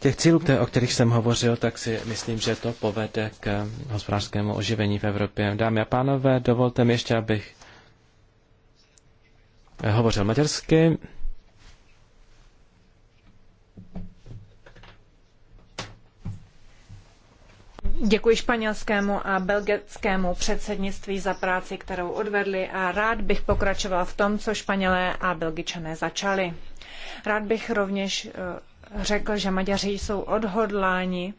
S3: těch cílů, o kterých jsem hovořil, tak si myslím, že to povede k hospodářskému oživení v Evropě. Dámy a pánové, dovolte mi ještě, abych hovořil maďarsky.
S1: Děkuji španělskému a belgickému předsednictví za práci, kterou odvedli a rád bych pokračoval v tom, co Španělé a Belgičané začali. Rád bych rovněž eh, řekl, že Maďaři jsou odhodláni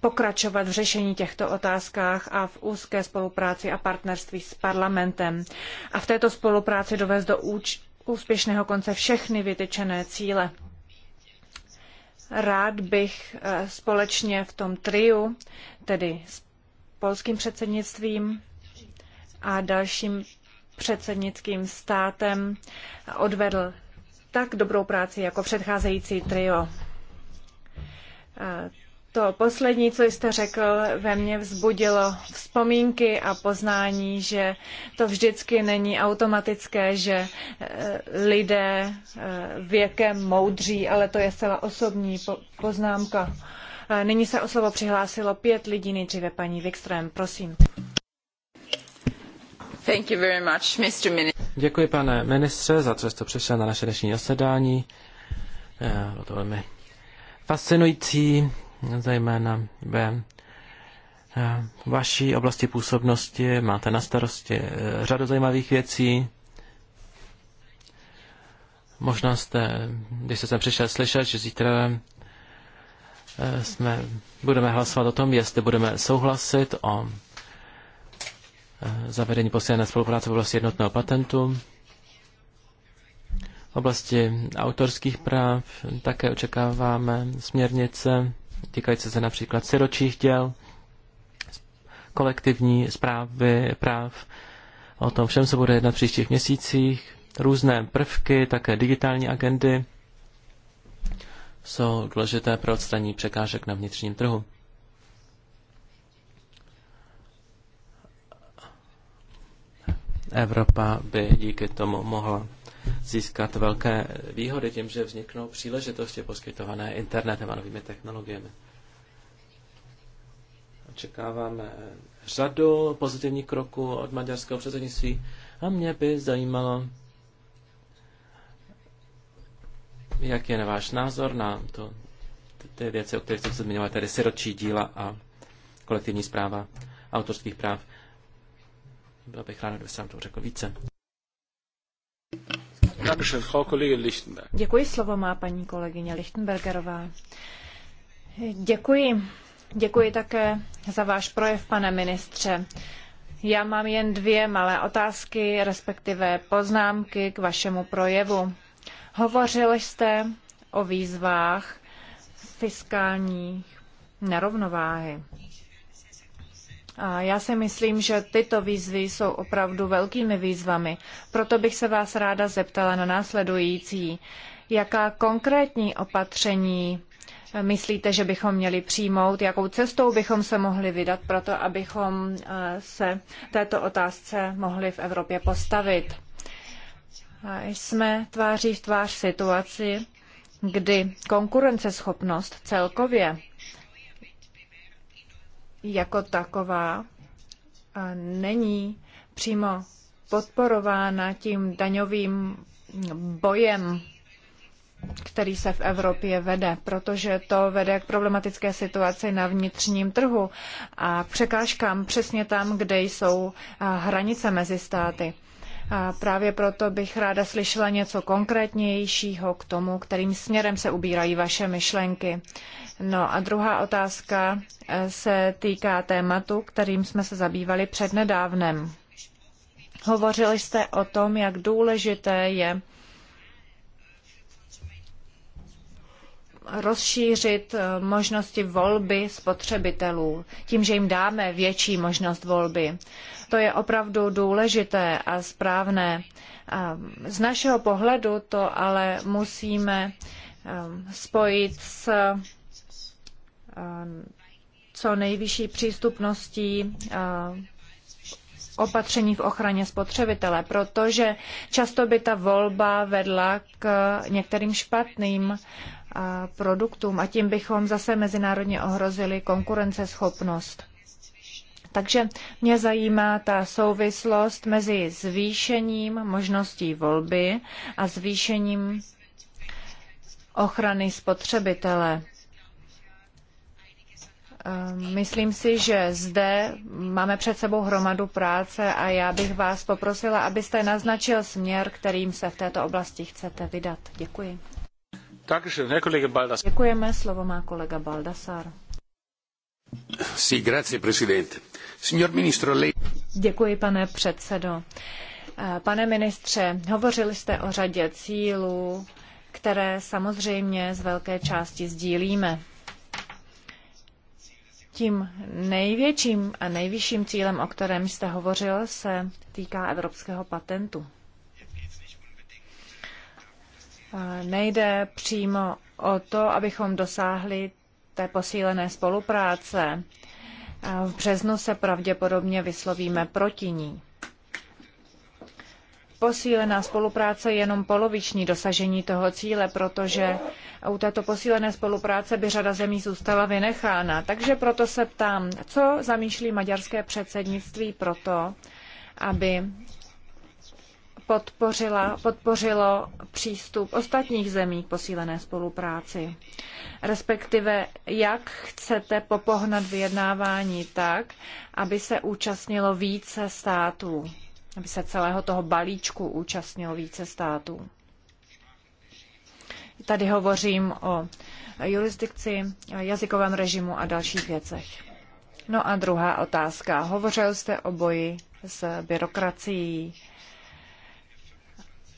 S1: pokračovat v řešení těchto otázkách a v úzké spolupráci a partnerství s parlamentem a v této spolupráci dovést do úč- úspěšného konce všechny vytyčené cíle. Rád bych eh, společně v tom triu, tedy s polským předsednictvím a dalším předsednickým státem, odvedl tak dobrou práci jako předcházející trio. Eh, to poslední, co jste řekl, ve mně vzbudilo vzpomínky a poznání, že to vždycky není automatické, že e, lidé e, věkem moudří, ale to je zcela osobní poznámka. E, nyní se o slovo přihlásilo pět lidí, nejdříve paní Wikström, prosím. Thank you very much, Mr.
S3: Děkuji, pane ministře, za to, že jste přišel na naše dnešní zasedání. Bylo to velmi fascinující zejména ve eh, vaší oblasti působnosti. Máte na starosti eh, řadu zajímavých věcí. Možná jste, když jste sem přišel slyšet, že zítra eh, jsme, budeme hlasovat o tom, jestli budeme souhlasit o zavedení posílené spolupráce v oblasti jednotného patentu, v oblasti autorských práv také očekáváme směrnice týkající se například siročích děl, kolektivní zprávy práv. O tom všem se bude jednat v příštích měsících. Různé prvky, také digitální agendy jsou důležité pro odstranění překážek na vnitřním trhu. Evropa by díky tomu mohla získat velké výhody tím, že vzniknou příležitosti poskytované internetem a novými technologiemi. Očekáváme eh, řadu pozitivních kroků od maďarského předsednictví a mě by zajímalo, jak je na váš názor na to, ty věci, o kterých jsem se zmiňoval, tedy siročí díla a kolektivní zpráva autorských práv. Byla bych ráda, kdyby se nám to řekl více.
S1: Děkuji, slovo má paní kolegyně Lichtenbergerová. Děkuji. Děkuji také za váš projev, pane ministře. Já mám jen dvě malé otázky, respektive poznámky k vašemu projevu. Hovořil jste o výzvách fiskální nerovnováhy. A já si myslím, že tyto výzvy jsou opravdu velkými výzvami. Proto bych se vás ráda zeptala na následující. Jaká konkrétní opatření eh, myslíte, že bychom měli přijmout? Jakou cestou bychom se mohli vydat pro to, abychom eh, se této otázce mohli v Evropě postavit? Jsme tváří v tvář situaci, kdy konkurenceschopnost celkově jako taková není přímo podporována tím daňovým bojem, který se v Evropě vede, protože to vede k problematické situaci na vnitřním trhu a překážkám přesně tam, kde jsou hranice mezi státy. A právě proto bych ráda slyšela něco konkrétnějšího k tomu, kterým směrem se ubírají vaše myšlenky. No a druhá otázka eh, se týká tématu, kterým jsme se zabývali přednedávnem. Hovořili jste o tom, jak důležité je rozšířit eh, možnosti volby spotřebitelů, tím, že jim dáme větší možnost volby. To je opravdu důležité a správné. Z našeho pohledu to ale musíme ehm, spojit s ehm, co nejvyšší přístupností eh, opatření v ochraně spotřebitele, protože často by ta volba vedla k některým špatným produktům a tím bychom zase mezinárodně ohrozili konkurenceschopnost. Takže mě zajímá ta souvislost mezi zvýšením možností volby a zvýšením ochrany spotřebitele. Ehm, myslím si, že zde máme před sebou hromadu práce a já bych vás poprosila, abyste naznačil směr, kterým se v této oblasti chcete vydat. Děkuji. Děkuji, pane předsedo. Eh, pane ministře, hovořili jste o řadě cílů, které samozřejmě z velké části sdílíme. Tím největším a nejvyšším cílem, o kterém jste hovořil, se týká evropského patentu. Nejde přímo o to, abychom dosáhli té posílené spolupráce. V březnu se pravděpodobně vyslovíme proti ní. Posílená spolupráce je jenom poloviční dosažení toho cíle, protože u této posílené spolupráce by řada zemí zůstala vynechána. Takže proto se ptám, co zamýšlí maďarské předsednictví proto, aby podpořila, podpořilo přístup ostatních zemí k posílené spolupráci? Respektive, jak chcete popohnat vyjednávání tak, aby se účastnilo více států, aby se celého toho balíčku účastnilo více států? Tady hovořím o jurisdikci, jazykovém režimu a dalších věcech. No a druhá otázka. Hovořil jste o boji s byrokracií.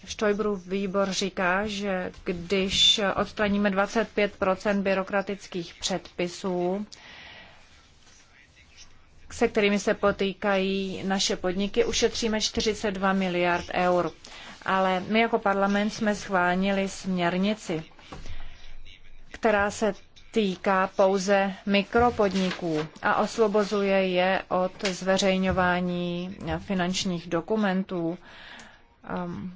S1: Štojbrův výbor říká, že když odstraníme 25 byrokratických předpisů, se kterými se potýkají naše podniky, ušetříme 42 miliard eur. Ale my jako parlament jsme schválnili směrnici, která se týká pouze mikropodniků a osvobozuje je od zveřejňování finančních dokumentů. Um,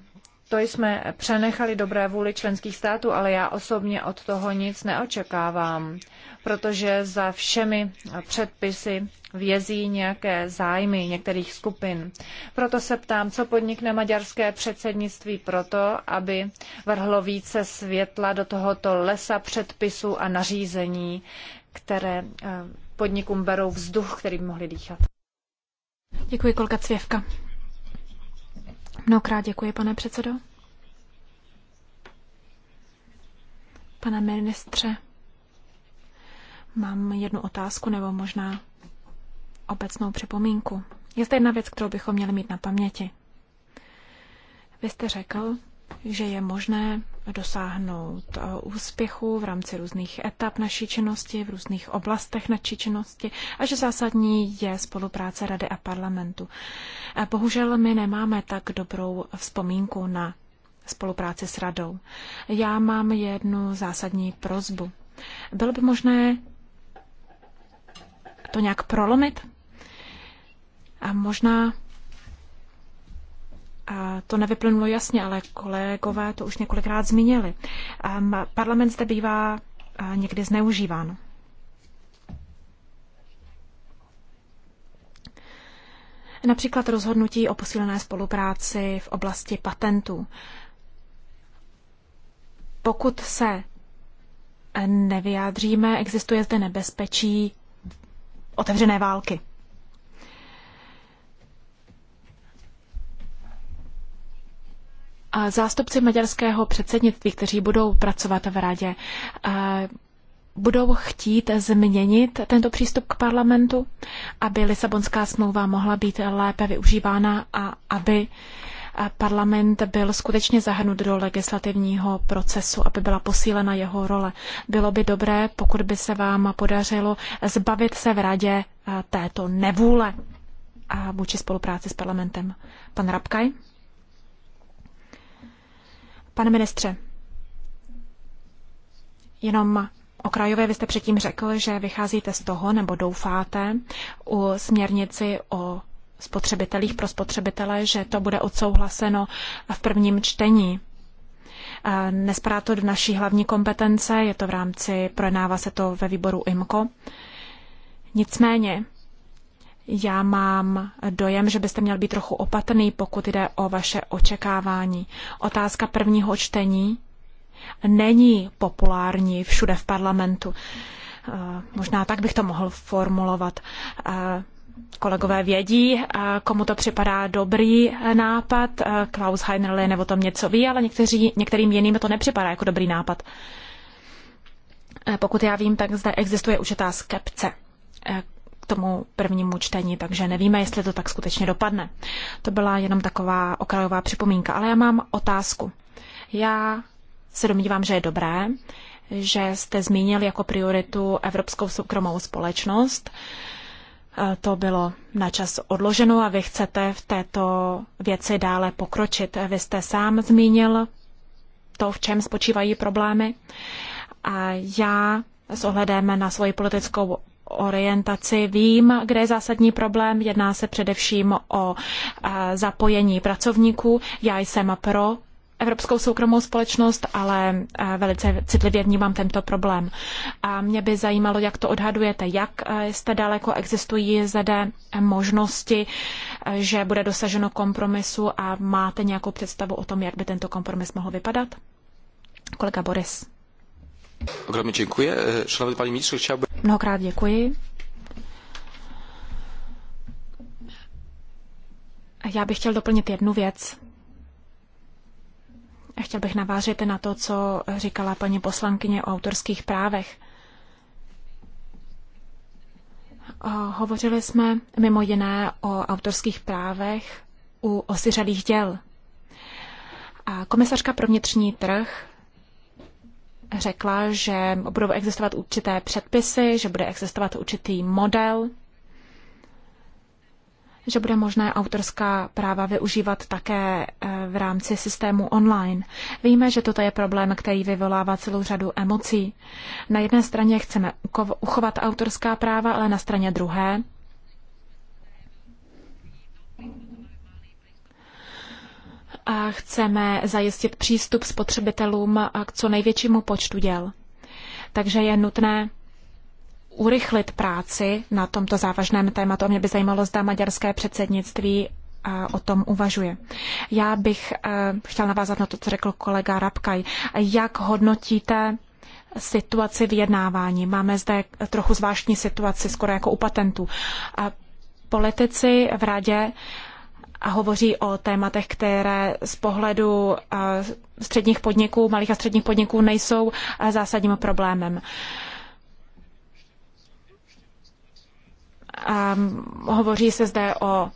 S1: to jsme přenechali dobré vůli členských států, ale já osobně od toho nic neočekávám, protože za všemi předpisy vězí nějaké zájmy některých skupin. Proto se ptám, co podnikne maďarské předsednictví proto, aby vrhlo více světla do tohoto lesa předpisů a nařízení, které eh, podnikům berou vzduch, který by mohli dýchat. Děkuji, kolka Cvěvka.
S2: Mnohokrát děkuji, pane předsedo. Pane ministře, mám jednu otázku nebo možná obecnou připomínku. Je zde jedna věc, kterou bychom měli mít na paměti. Vy jste řekl, že je možné dosáhnout eh, úspěchu v rámci různých etap naší činnosti, v různých oblastech naší činnosti a že zásadní je spolupráce Rady a parlamentu. Eh, bohužel my nemáme tak dobrou vzpomínku na spolupráci s Radou. Já mám jednu zásadní prozbu. Bylo by možné to nějak prolomit? A možná to nevyplnulo jasně, ale kolegové to už několikrát zmínili. Ehm, parlament zde bývá eh, někdy zneužíván. Například rozhodnutí o posílené spolupráci v oblasti patentů. Pokud se eh, nevyjádříme, existuje zde nebezpečí otevřené války. Zástupci maďarského předsednictví, kteří budou pracovat v radě, budou chtít změnit tento přístup k parlamentu, aby Lisabonská smlouva mohla být lépe využívána a aby parlament byl skutečně zahrnut do legislativního procesu, aby byla posílena jeho role. Bylo by dobré, pokud by se vám podařilo zbavit se v radě této nevůle a vůči spolupráci s parlamentem. Pan Rabkaj? Pane ministře, jenom okrajově vy jste předtím řekl, že vycházíte z toho nebo doufáte u směrnici o spotřebitelích pro spotřebitele, že to bude odsouhlaseno v prvním čtení. Nespadá to do naší hlavní kompetence, je to v rámci, projednává se to ve výboru IMCO. Nicméně, já mám dojem, že byste měl být trochu opatrný, pokud jde o vaše očekávání. Otázka prvního čtení není populární všude v parlamentu. Eh, možná tak bych to mohl formulovat. Eh, kolegové vědí, eh, komu to připadá dobrý nápad. Klaus Heinrle nebo tom něco ví, ale někteří, některým jiným to nepřipadá jako dobrý nápad. Pokud já vím, tak zde existuje určitá skepce k tomu prvnímu čtení, takže nevíme, jestli to tak skutečně dopadne. To byla jenom taková okrajová připomínka, ale já mám otázku. Já se domnívám, že je dobré, že jste zmínil jako prioritu Evropskou soukromou společnost. E, to bylo na čas odloženo a vy chcete v této věci dále pokročit. Vy jste sám zmínil to, v čem spočívají problémy. A já s ohledem na svoji politickou orientaci vím, kde je zásadní problém. Jedná se především o zapojení pracovníků. Já jsem pro Evropskou soukromou společnost, ale velice citlivě vnímám tento problém. A mě by zajímalo, jak to odhadujete, jak jste daleko, existují zde možnosti, že bude dosaženo kompromisu a máte nějakou představu o tom, jak by tento kompromis mohl vypadat? Kolega Boris. Ogromně děkuji. E, paní ministře, chtěl by... Mnohokrát děkuji. Já bych chtěl doplnit jednu věc. Chtěl bych navážet na to, co říkala paní poslankyně o autorských právech. Hovořili jsme mimo jiné o autorských právech u osiřelých děl. A komisařka pro vnitřní trh řekla, že budou existovat určité předpisy, že bude existovat určitý model, že bude možné autorská práva využívat také eh, v rámci systému online. Víme, že toto je problém, který vyvolává celou řadu emocí. Na jedné straně chceme uchovat autorská práva, ale na straně druhé chceme zajistit přístup spotřebitelům k co největšímu počtu děl. Takže je nutné urychlit práci na tomto závažném tématu. Mě by zajímalo, zda maďarské předsednictví o tom uvažuje. Já bych chtěla navázat na to, co řekl kolega Rabkaj. Jak hodnotíte situaci vyjednávání? Máme zde trochu zvláštní situaci, skoro jako u patentů. Politici v radě a hovoří o tématech, které z pohledu eh, středních podniků, malých a středních podniků nejsou eh, zásadním problémem. A eh, hovoří se zde o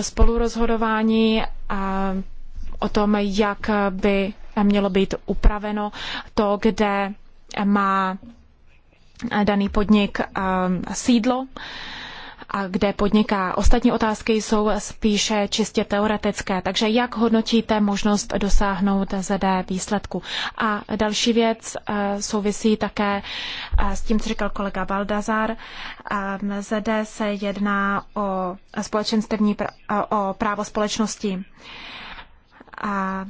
S2: spolurozhodování, a o tom, jak by mělo být upraveno to, kde má daný podnik sídlo a kde podniká. Ostatní otázky jsou spíše čistě teoretické, takže jak hodnotíte možnost dosáhnout ZD výsledku? A další věc eh, souvisí také eh, s tím, co říkal kolega Baldazar. Ehm, ZD se jedná o, společenstevní, eh, o právo společnosti. A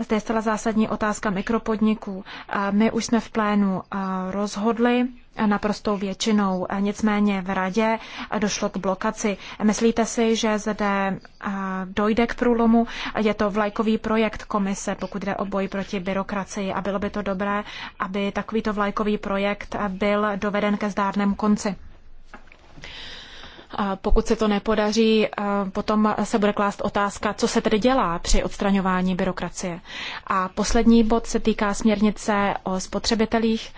S2: zde je zcela zásadní otázka mikropodniků. My už jsme v plénu rozhodli, naprostou většinou. Nicméně v radě došlo k blokaci. Myslíte si, že zde dojde k průlomu? Je to vlajkový projekt komise, pokud jde o boj proti byrokracii a bylo by to dobré, aby takovýto vlajkový projekt byl doveden ke zdárnému konci. Pokud se to nepodaří, potom se bude klást otázka, co se tedy dělá při odstraňování byrokracie. A poslední bod se týká směrnice o spotřebitelích.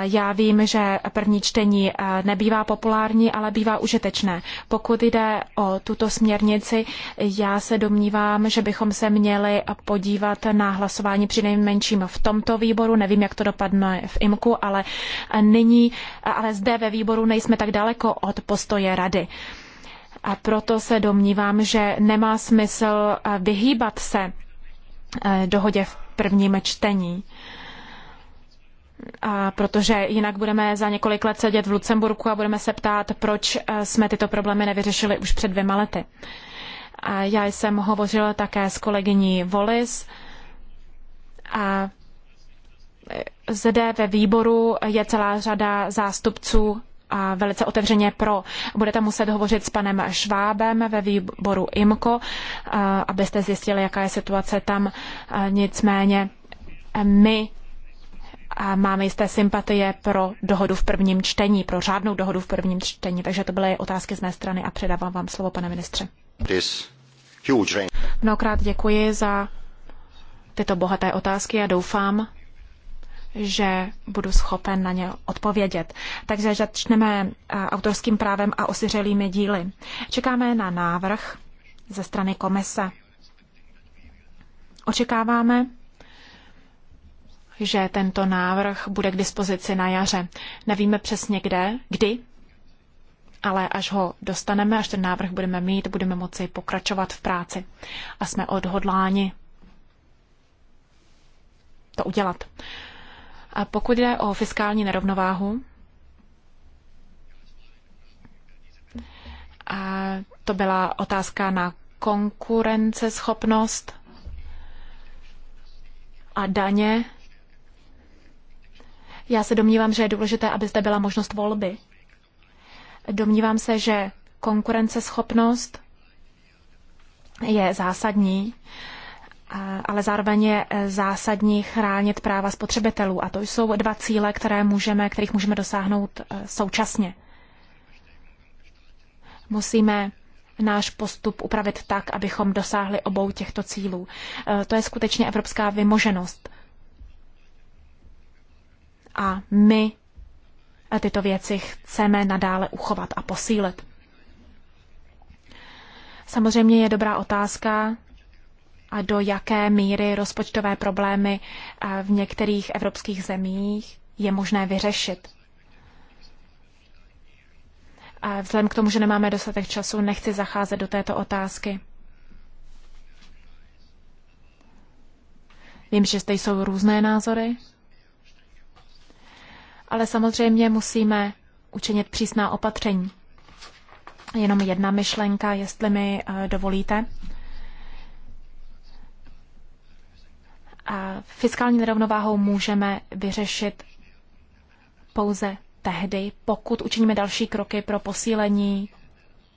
S2: Já vím, že první čtení eh, nebývá populární, ale bývá užitečné. Pokud jde o tuto směrnici, já se domnívám, že bychom se měli podívat na hlasování při nejmenším v tomto výboru. Nevím, jak to dopadne v IMKU, ale, nyní, ale zde ve výboru nejsme tak daleko od postoje rady. A proto se domnívám, že nemá smysl eh, vyhýbat se eh, dohodě v prvním čtení a protože jinak budeme za několik let sedět v Lucemburku a budeme se ptát, proč eh, jsme tyto problémy nevyřešili už před dvěma lety. A já jsem hovořila také s kolegyní Volis a eh, zde ve výboru je celá řada zástupců a velice otevřeně pro. Budete muset hovořit s panem Švábem ve výboru IMKO, eh, abyste zjistili, jaká je situace tam. Nicméně my máme jisté sympatie pro dohodu v prvním čtení, pro řádnou dohodu v prvním čtení. Takže to byly otázky z mé strany a předávám vám slovo, pane ministře. Mnohokrát děkuji za tyto bohaté otázky a doufám, že budu schopen na ně odpovědět. Takže začneme eh, autorským právem a osiřelými díly. Čekáme na návrh ze strany komise. Očekáváme, že tento návrh bude k dispozici na jaře. Nevíme přesně kde, kdy, ale až ho dostaneme, až ten návrh budeme mít, budeme moci pokračovat v práci. A jsme odhodláni to udělat. A pokud jde o fiskální nerovnováhu, a to byla otázka na konkurenceschopnost a daně já se domnívám, že je důležité, aby zde byla možnost volby. Domnívám se, že konkurenceschopnost je zásadní, ale zároveň je zásadní chránit práva spotřebitelů. A to jsou dva cíle, které můžeme, kterých můžeme dosáhnout e, současně. Musíme náš postup upravit tak, abychom dosáhli obou těchto cílů. E, to je skutečně evropská vymoženost a my tyto věci chceme nadále uchovat a posílit. Samozřejmě je dobrá otázka, a do jaké míry rozpočtové problémy eh, v některých evropských zemích je možné vyřešit. A vzhledem k tomu, že nemáme dostatek času, nechci zacházet do této otázky. Vím, že zde jsou různé názory ale samozřejmě musíme učinit přísná opatření. Jenom jedna myšlenka, jestli mi eh, dovolíte. A fiskální nerovnováhou můžeme vyřešit pouze tehdy, pokud učiníme další kroky pro posílení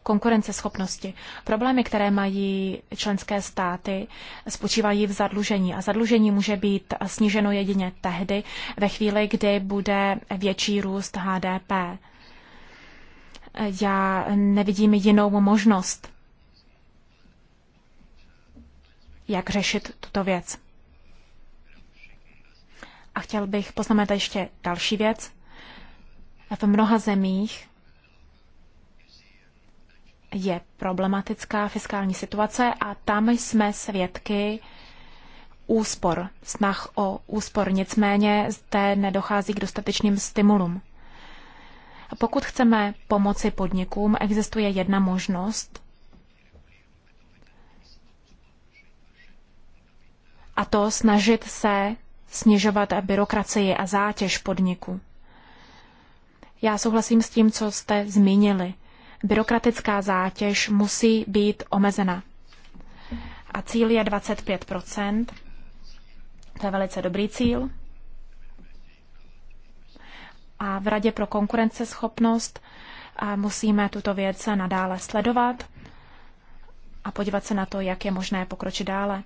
S2: konkurenceschopnosti. Problémy, které mají členské státy, spočívají v zadlužení a zadlužení může být sníženo jedině tehdy, ve chvíli, kdy bude větší růst HDP. Já nevidím jinou možnost, jak řešit tuto věc. A chtěl bych poznamenat ještě další věc. V mnoha zemích je problematická fiskální situace a tam jsme svědky úspor, snah o úspor. Nicméně zde nedochází k dostatečným stimulům. Pokud chceme pomoci podnikům, existuje jedna možnost, a to snažit se snižovat byrokracii a zátěž podniku. Já souhlasím s tím, co jste zmínili byrokratická zátěž musí být omezena. A cíl je 25 To je velice dobrý cíl. A v Radě pro konkurenceschopnost musíme tuto věc nadále sledovat a podívat se na to, jak je možné pokročit dále.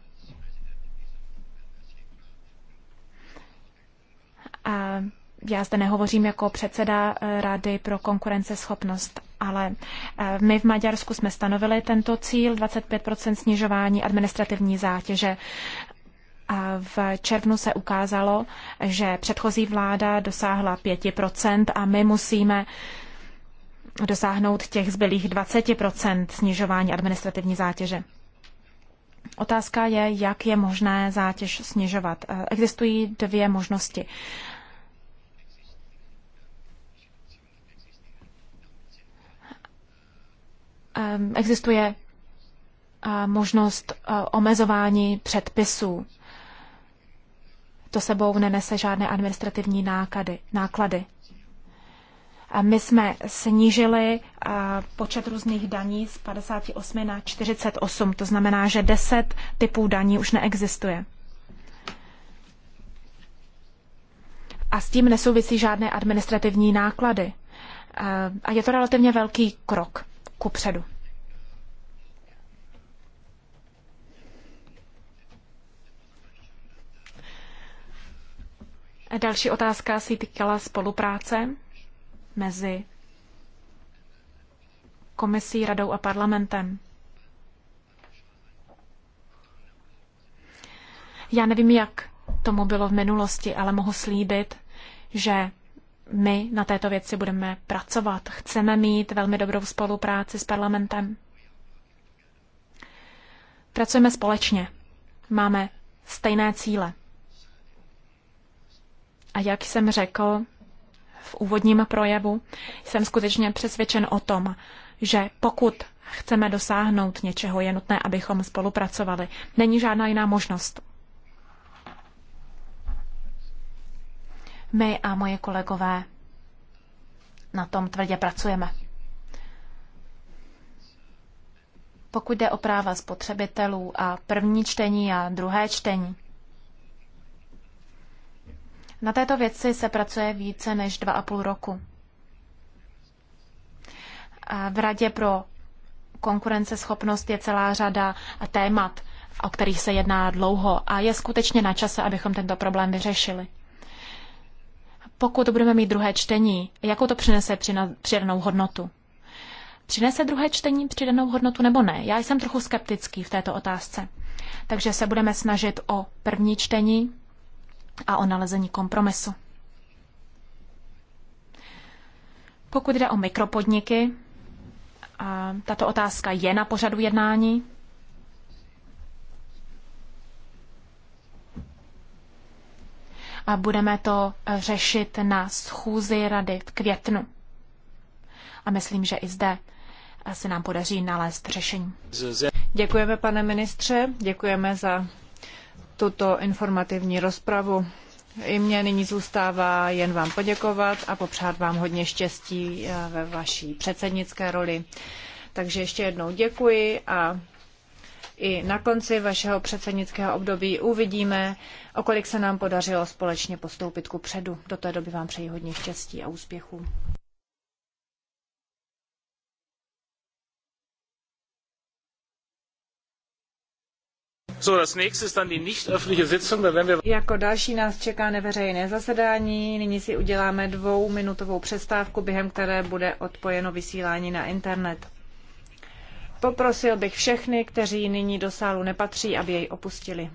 S2: A já zde nehovořím jako předseda Rady pro konkurenceschopnost, ale eh, my v Maďarsku jsme stanovili tento cíl 25 snižování administrativní zátěže. A v červnu se ukázalo, že předchozí vláda dosáhla 5 a my musíme dosáhnout těch zbylých 20 snižování administrativní zátěže. Otázka je, jak je možné zátěž snižovat. Eh, existují dvě možnosti. existuje možnost omezování předpisů. To sebou nenese žádné administrativní náklady. náklady. A my jsme snížili počet různých daní z 58 na 48, to znamená, že 10 typů daní už neexistuje. A s tím nesouvisí žádné administrativní náklady. A je to relativně velký krok kupředu. Další otázka se týkala spolupráce mezi komisí, radou a parlamentem. Já nevím, jak tomu bylo v minulosti, ale mohu slíbit, že my na této věci budeme pracovat. Chceme mít velmi dobrou spolupráci s parlamentem. Pracujeme společně. Máme stejné cíle. A jak jsem řekl v úvodním projevu, jsem skutečně přesvědčen o tom, že pokud chceme dosáhnout něčeho, je nutné, abychom spolupracovali. Není žádná jiná možnost. My a moje kolegové na tom tvrdě pracujeme. Pokud jde o práva spotřebitelů a první čtení a druhé čtení, na této věci se pracuje více než dva a půl roku. A v Radě pro konkurenceschopnost je celá řada témat, o kterých se jedná dlouho a je skutečně na čase, abychom tento problém vyřešili pokud budeme mít druhé čtení, jakou to přinese přidanou hodnotu? Přinese druhé čtení přidanou hodnotu nebo ne? Já jsem trochu skeptický v této otázce. Takže se budeme snažit o první čtení a o nalezení kompromisu. Pokud jde o mikropodniky, tato otázka je na pořadu jednání. a budeme to eh, řešit na schůzi rady v květnu. A myslím, že i zde
S1: eh, se nám podaří nalézt řešení. Děkujeme, pane ministře, děkujeme za tuto informativní rozpravu. I mě nyní zůstává jen vám poděkovat a popřát vám hodně štěstí eh, ve vaší předsednické roli. Takže ještě jednou děkuji a i na konci vašeho předsednického období uvidíme, o kolik se nám podařilo společně postoupit ku předu. Do té doby vám přeji hodně štěstí a úspěchů. Jako další nás čeká neveřejné zasedání. Nyní si uděláme dvouminutovou přestávku, během které bude odpojeno vysílání na internet. Poprosil bych všechny, kteří nyní do sálu nepatří, aby jej opustili.